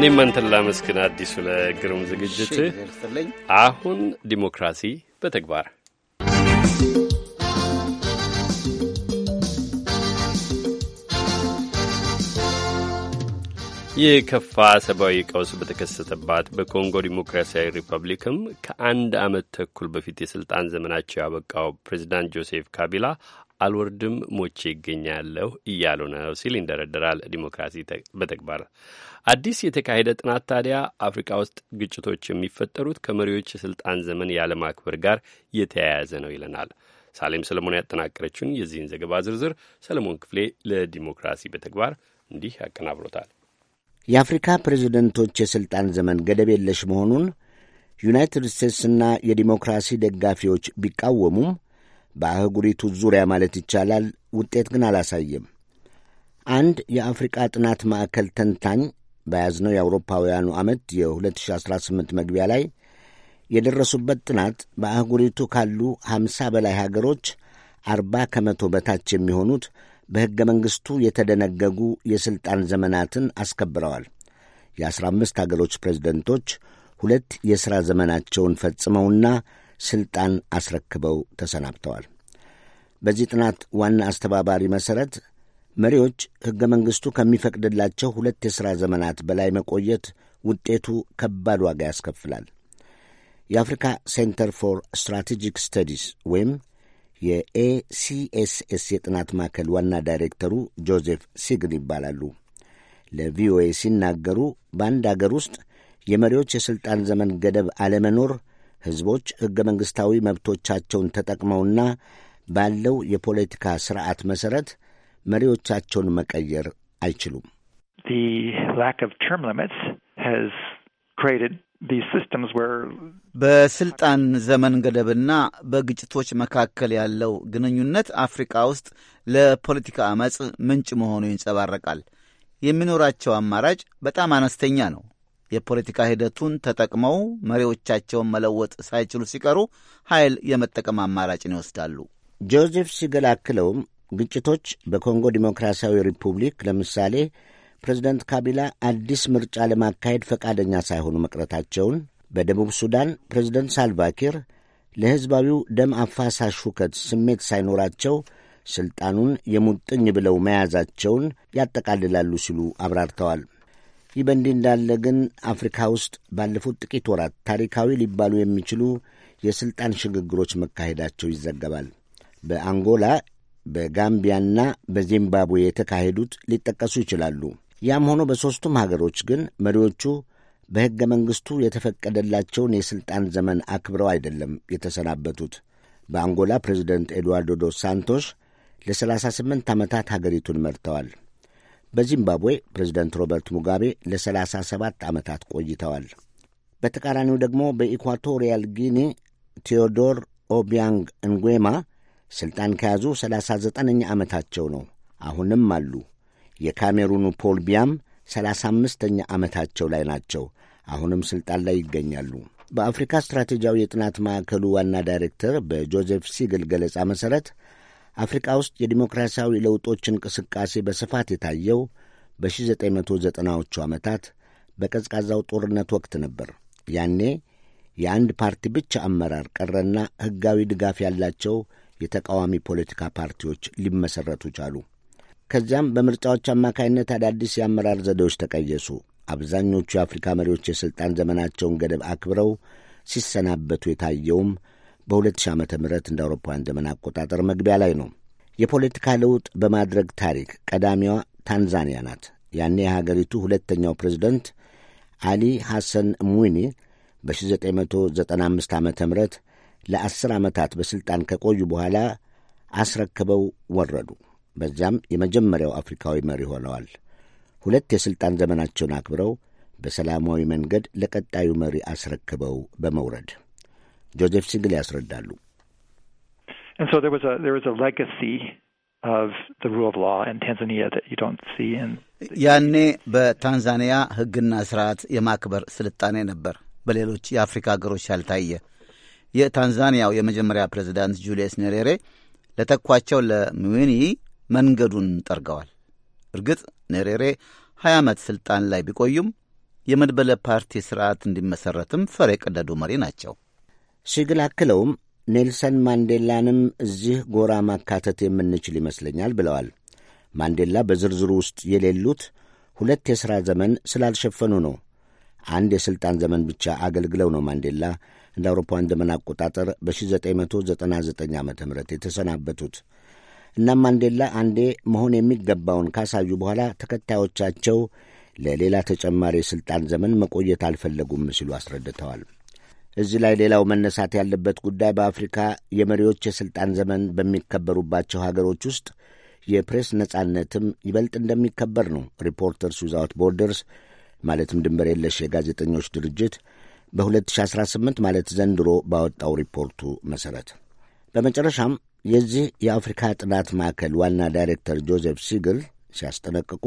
እኔም አንተን ላመስግን አዲሱ ለግሩም ዝግጅት። አሁን ዲሞክራሲ በተግባር የከፋ ሰብአዊ ቀውስ በተከሰተባት በኮንጎ ዲሞክራሲያዊ ሪፐብሊክም ከአንድ ዓመት ተኩል በፊት የሥልጣን ዘመናቸው ያበቃው ፕሬዚዳንት ጆሴፍ ካቢላ አልወርድም ሞቼ ይገኛለሁ እያሉ ነው ሲል ይንደረደራል። ዲሞክራሲ በተግባር አዲስ የተካሄደ ጥናት ታዲያ አፍሪካ ውስጥ ግጭቶች የሚፈጠሩት ከመሪዎች የሥልጣን ዘመን ያለማክበር ጋር የተያያዘ ነው ይለናል። ሳሌም ሰለሞን ያጠናቀረችውን የዚህን ዘገባ ዝርዝር ሰለሞን ክፍሌ ለዲሞክራሲ በተግባር እንዲህ ያቀናብሮታል። የአፍሪካ ፕሬዝደንቶች የሥልጣን ዘመን ገደብ የለሽ መሆኑን ዩናይትድ ስቴትስና የዲሞክራሲ ደጋፊዎች ቢቃወሙም በአህጉሪቱ ዙሪያ ማለት ይቻላል ውጤት ግን አላሳየም። አንድ የአፍሪቃ ጥናት ማዕከል ተንታኝ በያዝነው የአውሮፓውያኑ ዓመት የ2018 መግቢያ ላይ የደረሱበት ጥናት በአህጉሪቱ ካሉ 50 በላይ ሀገሮች 40 ከመቶ በታች የሚሆኑት በሕገ መንግሥቱ የተደነገጉ የሥልጣን ዘመናትን አስከብረዋል። የአስራ አምስት አገሮች ፕሬዝደንቶች ሁለት የሥራ ዘመናቸውን ፈጽመውና ሥልጣን አስረክበው ተሰናብተዋል። በዚህ ጥናት ዋና አስተባባሪ መሠረት መሪዎች ሕገ መንግሥቱ ከሚፈቅድላቸው ሁለት የሥራ ዘመናት በላይ መቆየት ውጤቱ ከባድ ዋጋ ያስከፍላል። የአፍሪካ ሴንተር ፎር ስትራቴጂክ ስተዲስ ወይም የኤሲኤስኤስ የጥናት ማዕከል ዋና ዳይሬክተሩ ጆዜፍ ሲግል ይባላሉ። ለቪኦኤ ሲናገሩ በአንድ አገር ውስጥ የመሪዎች የሥልጣን ዘመን ገደብ አለመኖር ሕዝቦች ሕገ መንግሥታዊ መብቶቻቸውን ተጠቅመውና ባለው የፖለቲካ ሥርዓት መሠረት መሪዎቻቸውን መቀየር አይችሉም። The lack of term limits has created በስልጣን ዘመን ገደብና በግጭቶች መካከል ያለው ግንኙነት አፍሪካ ውስጥ ለፖለቲካ አመጽ ምንጭ መሆኑ ይንጸባረቃል። የሚኖራቸው አማራጭ በጣም አነስተኛ ነው። የፖለቲካ ሂደቱን ተጠቅመው መሪዎቻቸውን መለወጥ ሳይችሉ ሲቀሩ ኃይል የመጠቀም አማራጭን ይወስዳሉ። ጆዜፍ ሲገል አክለውም ግጭቶች በኮንጎ ዲሞክራሲያዊ ሪፑብሊክ ለምሳሌ ፕሬዚደንት ካቢላ አዲስ ምርጫ ለማካሄድ ፈቃደኛ ሳይሆኑ መቅረታቸውን፣ በደቡብ ሱዳን ፕሬዚደንት ሳልቫኪር ለሕዝባዊው ደም አፋሳሽ ሁከት ስሜት ሳይኖራቸው ሥልጣኑን የሙጥኝ ብለው መያዛቸውን ያጠቃልላሉ ሲሉ አብራርተዋል። ይህ በእንዲህ እንዳለ ግን አፍሪካ ውስጥ ባለፉት ጥቂት ወራት ታሪካዊ ሊባሉ የሚችሉ የሥልጣን ሽግግሮች መካሄዳቸው ይዘገባል። በአንጎላ በጋምቢያና በዚምባብዌ የተካሄዱት ሊጠቀሱ ይችላሉ። ያም ሆኖ በሦስቱም ሀገሮች ግን መሪዎቹ በሕገ መንግሥቱ የተፈቀደላቸውን የሥልጣን ዘመን አክብረው አይደለም የተሰናበቱት። በአንጎላ ፕሬዚደንት ኤድዋርዶ ዶስ ሳንቶስ ለ38 ዓመታት ሀገሪቱን መርተዋል። በዚምባብዌ ፕሬዚደንት ሮበርት ሙጋቤ ለ37 ዓመታት ቆይተዋል። በተቃራኒው ደግሞ በኢኳቶሪያል ጊኒ ቴዎዶር ኦቢያንግ እንጉማ ሥልጣን ከያዙ 39ኛ ዓመታቸው ነው። አሁንም አሉ። የካሜሩኑ ፖል ቢያም ሰላሳ አምስተኛ ዓመታቸው ላይ ናቸው። አሁንም ሥልጣን ላይ ይገኛሉ። በአፍሪካ ስትራቴጂያዊ የጥናት ማዕከሉ ዋና ዳይሬክተር በጆዜፍ ሲግል ገለጻ መሠረት አፍሪካ ውስጥ የዲሞክራሲያዊ ለውጦች እንቅስቃሴ በስፋት የታየው በ1990ዎቹ ዓመታት በቀዝቃዛው ጦርነት ወቅት ነበር። ያኔ የአንድ ፓርቲ ብቻ አመራር ቀረና ሕጋዊ ድጋፍ ያላቸው የተቃዋሚ ፖለቲካ ፓርቲዎች ሊመሠረቱ ቻሉ። ከዚያም በምርጫዎች አማካይነት አዳዲስ የአመራር ዘዴዎች ተቀየሱ። አብዛኞቹ የአፍሪካ መሪዎች የሥልጣን ዘመናቸውን ገደብ አክብረው ሲሰናበቱ የታየውም በ2000 ዓ ም እንደ አውሮፓውያን ዘመን አቆጣጠር መግቢያ ላይ ነው። የፖለቲካ ለውጥ በማድረግ ታሪክ ቀዳሚዋ ታንዛኒያ ናት። ያኔ የሀገሪቱ ሁለተኛው ፕሬዚደንት አሊ ሐሰን ሙኒ በ1995 ዓ ም ለአስር ዓመታት በሥልጣን ከቆዩ በኋላ አስረክበው ወረዱ። በዚያም የመጀመሪያው አፍሪካዊ መሪ ሆነዋል። ሁለት የሥልጣን ዘመናቸውን አክብረው በሰላማዊ መንገድ ለቀጣዩ መሪ አስረክበው በመውረድ ጆዜፍ ሲግል ያስረዳሉ። ያኔ በታንዛኒያ ሕግና ስርዓት የማክበር ስልጣኔ ነበር፣ በሌሎች የአፍሪካ ሀገሮች ያልታየ። የታንዛኒያው የመጀመሪያ ፕሬዚዳንት ጁልየስ ኔሬሬ ለተኳቸው ለሚዊኒ። መንገዱን ጠርገዋል። እርግጥ ኔሬሬ ሀያ ዓመት ሥልጣን ላይ ቢቆዩም የመድበለ ፓርቲ ሥርዓት እንዲመሠረትም ፈር የቀደዱ መሪ ናቸው ሲግል አክለውም ኔልሰን ማንዴላንም እዚህ ጎራ ማካተት የምንችል ይመስለኛል ብለዋል። ማንዴላ በዝርዝሩ ውስጥ የሌሉት ሁለት የሥራ ዘመን ስላልሸፈኑ ነው። አንድ የሥልጣን ዘመን ብቻ አገልግለው ነው ማንዴላ እንደ አውሮፓውያን ዘመን አቆጣጠር በ1999 ዓ ም የተሰናበቱት። እናም ማንዴላ አንዴ መሆን የሚገባውን ካሳዩ በኋላ ተከታዮቻቸው ለሌላ ተጨማሪ የሥልጣን ዘመን መቆየት አልፈለጉም ሲሉ አስረድተዋል። እዚህ ላይ ሌላው መነሳት ያለበት ጉዳይ በአፍሪካ የመሪዎች የሥልጣን ዘመን በሚከበሩባቸው ሀገሮች ውስጥ የፕሬስ ነጻነትም ይበልጥ እንደሚከበር ነው። ሪፖርተርስ ዊዛውት ቦርደርስ ማለትም ድንበር የለሽ የጋዜጠኞች ድርጅት በ2018 ማለት ዘንድሮ ባወጣው ሪፖርቱ መሠረት። በመጨረሻም የዚህ የአፍሪካ ጥናት ማዕከል ዋና ዳይሬክተር ጆዜፍ ሲግል ሲያስጠነቅቁ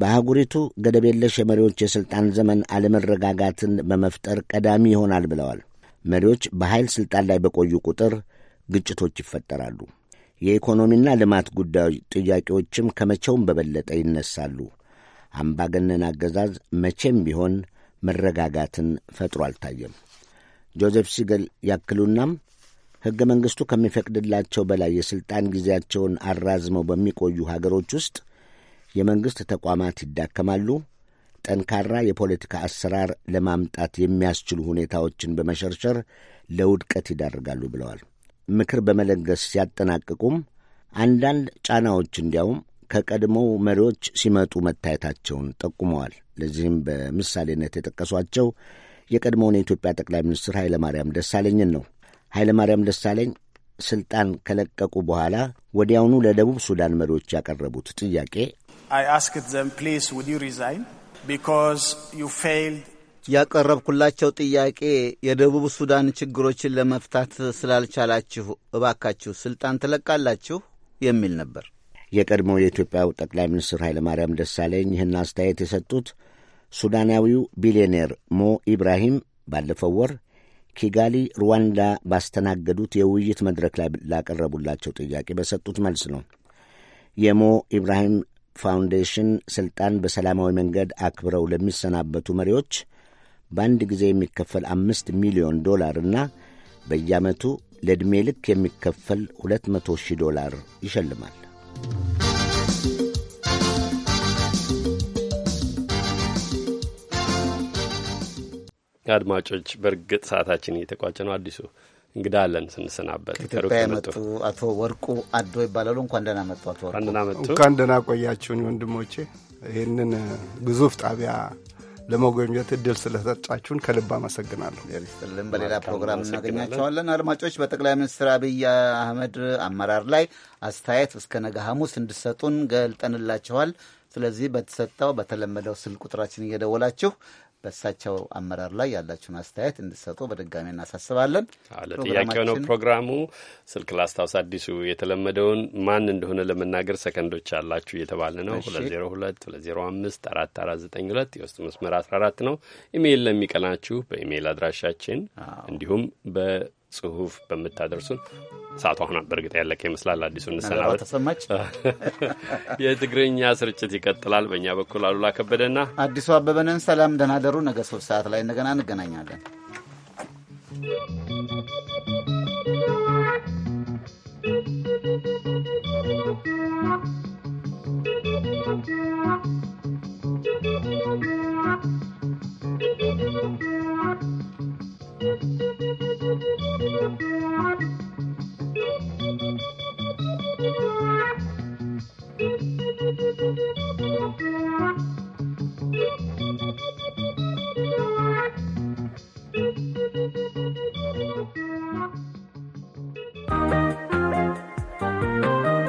በአህጉሪቱ ገደብ የለሽ የመሪዎች የሥልጣን ዘመን አለመረጋጋትን በመፍጠር ቀዳሚ ይሆናል ብለዋል። መሪዎች በኃይል ሥልጣን ላይ በቆዩ ቁጥር ግጭቶች ይፈጠራሉ። የኢኮኖሚና ልማት ጉዳዮች ጥያቄዎችም ከመቼውም በበለጠ ይነሳሉ። አምባገነን አገዛዝ መቼም ቢሆን መረጋጋትን ፈጥሮ አልታየም። ጆዜፍ ሲገል ያክሉናም ሕገ መንግሥቱ ከሚፈቅድላቸው በላይ የሥልጣን ጊዜያቸውን አራዝመው በሚቆዩ ሀገሮች ውስጥ የመንግሥት ተቋማት ይዳከማሉ። ጠንካራ የፖለቲካ አሰራር ለማምጣት የሚያስችሉ ሁኔታዎችን በመሸርሸር ለውድቀት ይዳርጋሉ ብለዋል። ምክር በመለገስ ሲያጠናቅቁም አንዳንድ ጫናዎች እንዲያውም ከቀድሞው መሪዎች ሲመጡ መታየታቸውን ጠቁመዋል። ለዚህም በምሳሌነት የጠቀሷቸው የቀድሞውን የኢትዮጵያ ጠቅላይ ሚኒስትር ኃይለማርያም ደሳለኝን ነው። ኃይለማርያም ደሳለኝ ስልጣን ከለቀቁ በኋላ ወዲያውኑ ለደቡብ ሱዳን መሪዎች ያቀረቡት ጥያቄ ያቀረብኩላቸው ጥያቄ የደቡብ ሱዳን ችግሮችን ለመፍታት ስላልቻላችሁ እባካችሁ ስልጣን ትለቃላችሁ የሚል ነበር። የቀድሞው የኢትዮጵያው ጠቅላይ ሚኒስትር ኃይለ ማርያም ደሳለኝ ይህን አስተያየት የሰጡት ሱዳናዊው ቢሊዮኔር ሞ ኢብራሂም ባለፈው ወር ኪጋሊ ሩዋንዳ ባስተናገዱት የውይይት መድረክ ላይ ላቀረቡላቸው ጥያቄ በሰጡት መልስ ነው። የሞ ኢብራሂም ፋውንዴሽን ስልጣን በሰላማዊ መንገድ አክብረው ለሚሰናበቱ መሪዎች በአንድ ጊዜ የሚከፈል አምስት ሚሊዮን ዶላር እና በየዓመቱ ለዕድሜ ልክ የሚከፈል ሁለት መቶ ሺህ ዶላር ይሸልማል። አድማጮች፣ በእርግጥ ሰዓታችን እየተቋጨ ነው። አዲሱ እንግዳ አለን ስንሰናበት ከኢትዮጵያ የመጡ አቶ ወርቁ አዶ ይባላሉ። እንኳን ደህና መጡ አቶ ወርቁ። እንኳን ደህና ቆያችሁን ወንድሞቼ። ይህንን ግዙፍ ጣቢያ ለመጎብኘት እድል ስለሰጣችሁን ከልብ አመሰግናለሁ። ስልም በሌላ ፕሮግራም እናገኛቸዋለን። አድማጮች በጠቅላይ ሚኒስትር አብይ አህመድ አመራር ላይ አስተያየት እስከ ነገ ሐሙስ እንድሰጡን ገልጠንላችኋል። ስለዚህ በተሰጠው በተለመደው ስልክ ቁጥራችን እየደወላችሁ በእሳቸው አመራር ላይ ያላችሁን አስተያየት እንድሰጡ በድጋሚ እናሳስባለን። ለጥያቄው ነው ፕሮግራሙ። ስልክ ላስታውስ፣ አዲሱ የተለመደውን ማን እንደሆነ ለመናገር ሰከንዶች አላችሁ እየተባለ ነው። 202 205 4492 የውስጥ መስመር 14 ነው። ኢሜይል ለሚቀናችሁ በኢሜይል አድራሻችን እንዲሁም በ ጽሁፍ በምታደርሱን ሰዓቱ አሁን በእርግጥ ያለቀ ይመስላል። አዲሱ እንሰናበት ተሰማች። የትግርኛ ስርጭት ይቀጥላል። በእኛ በኩል አሉላ ከበደና አዲሱ አበበንን ሰላም፣ ደህና ደሩ። ነገ ሶስት ሰዓት ላይ እንደገና እንገናኛለን። Thank you.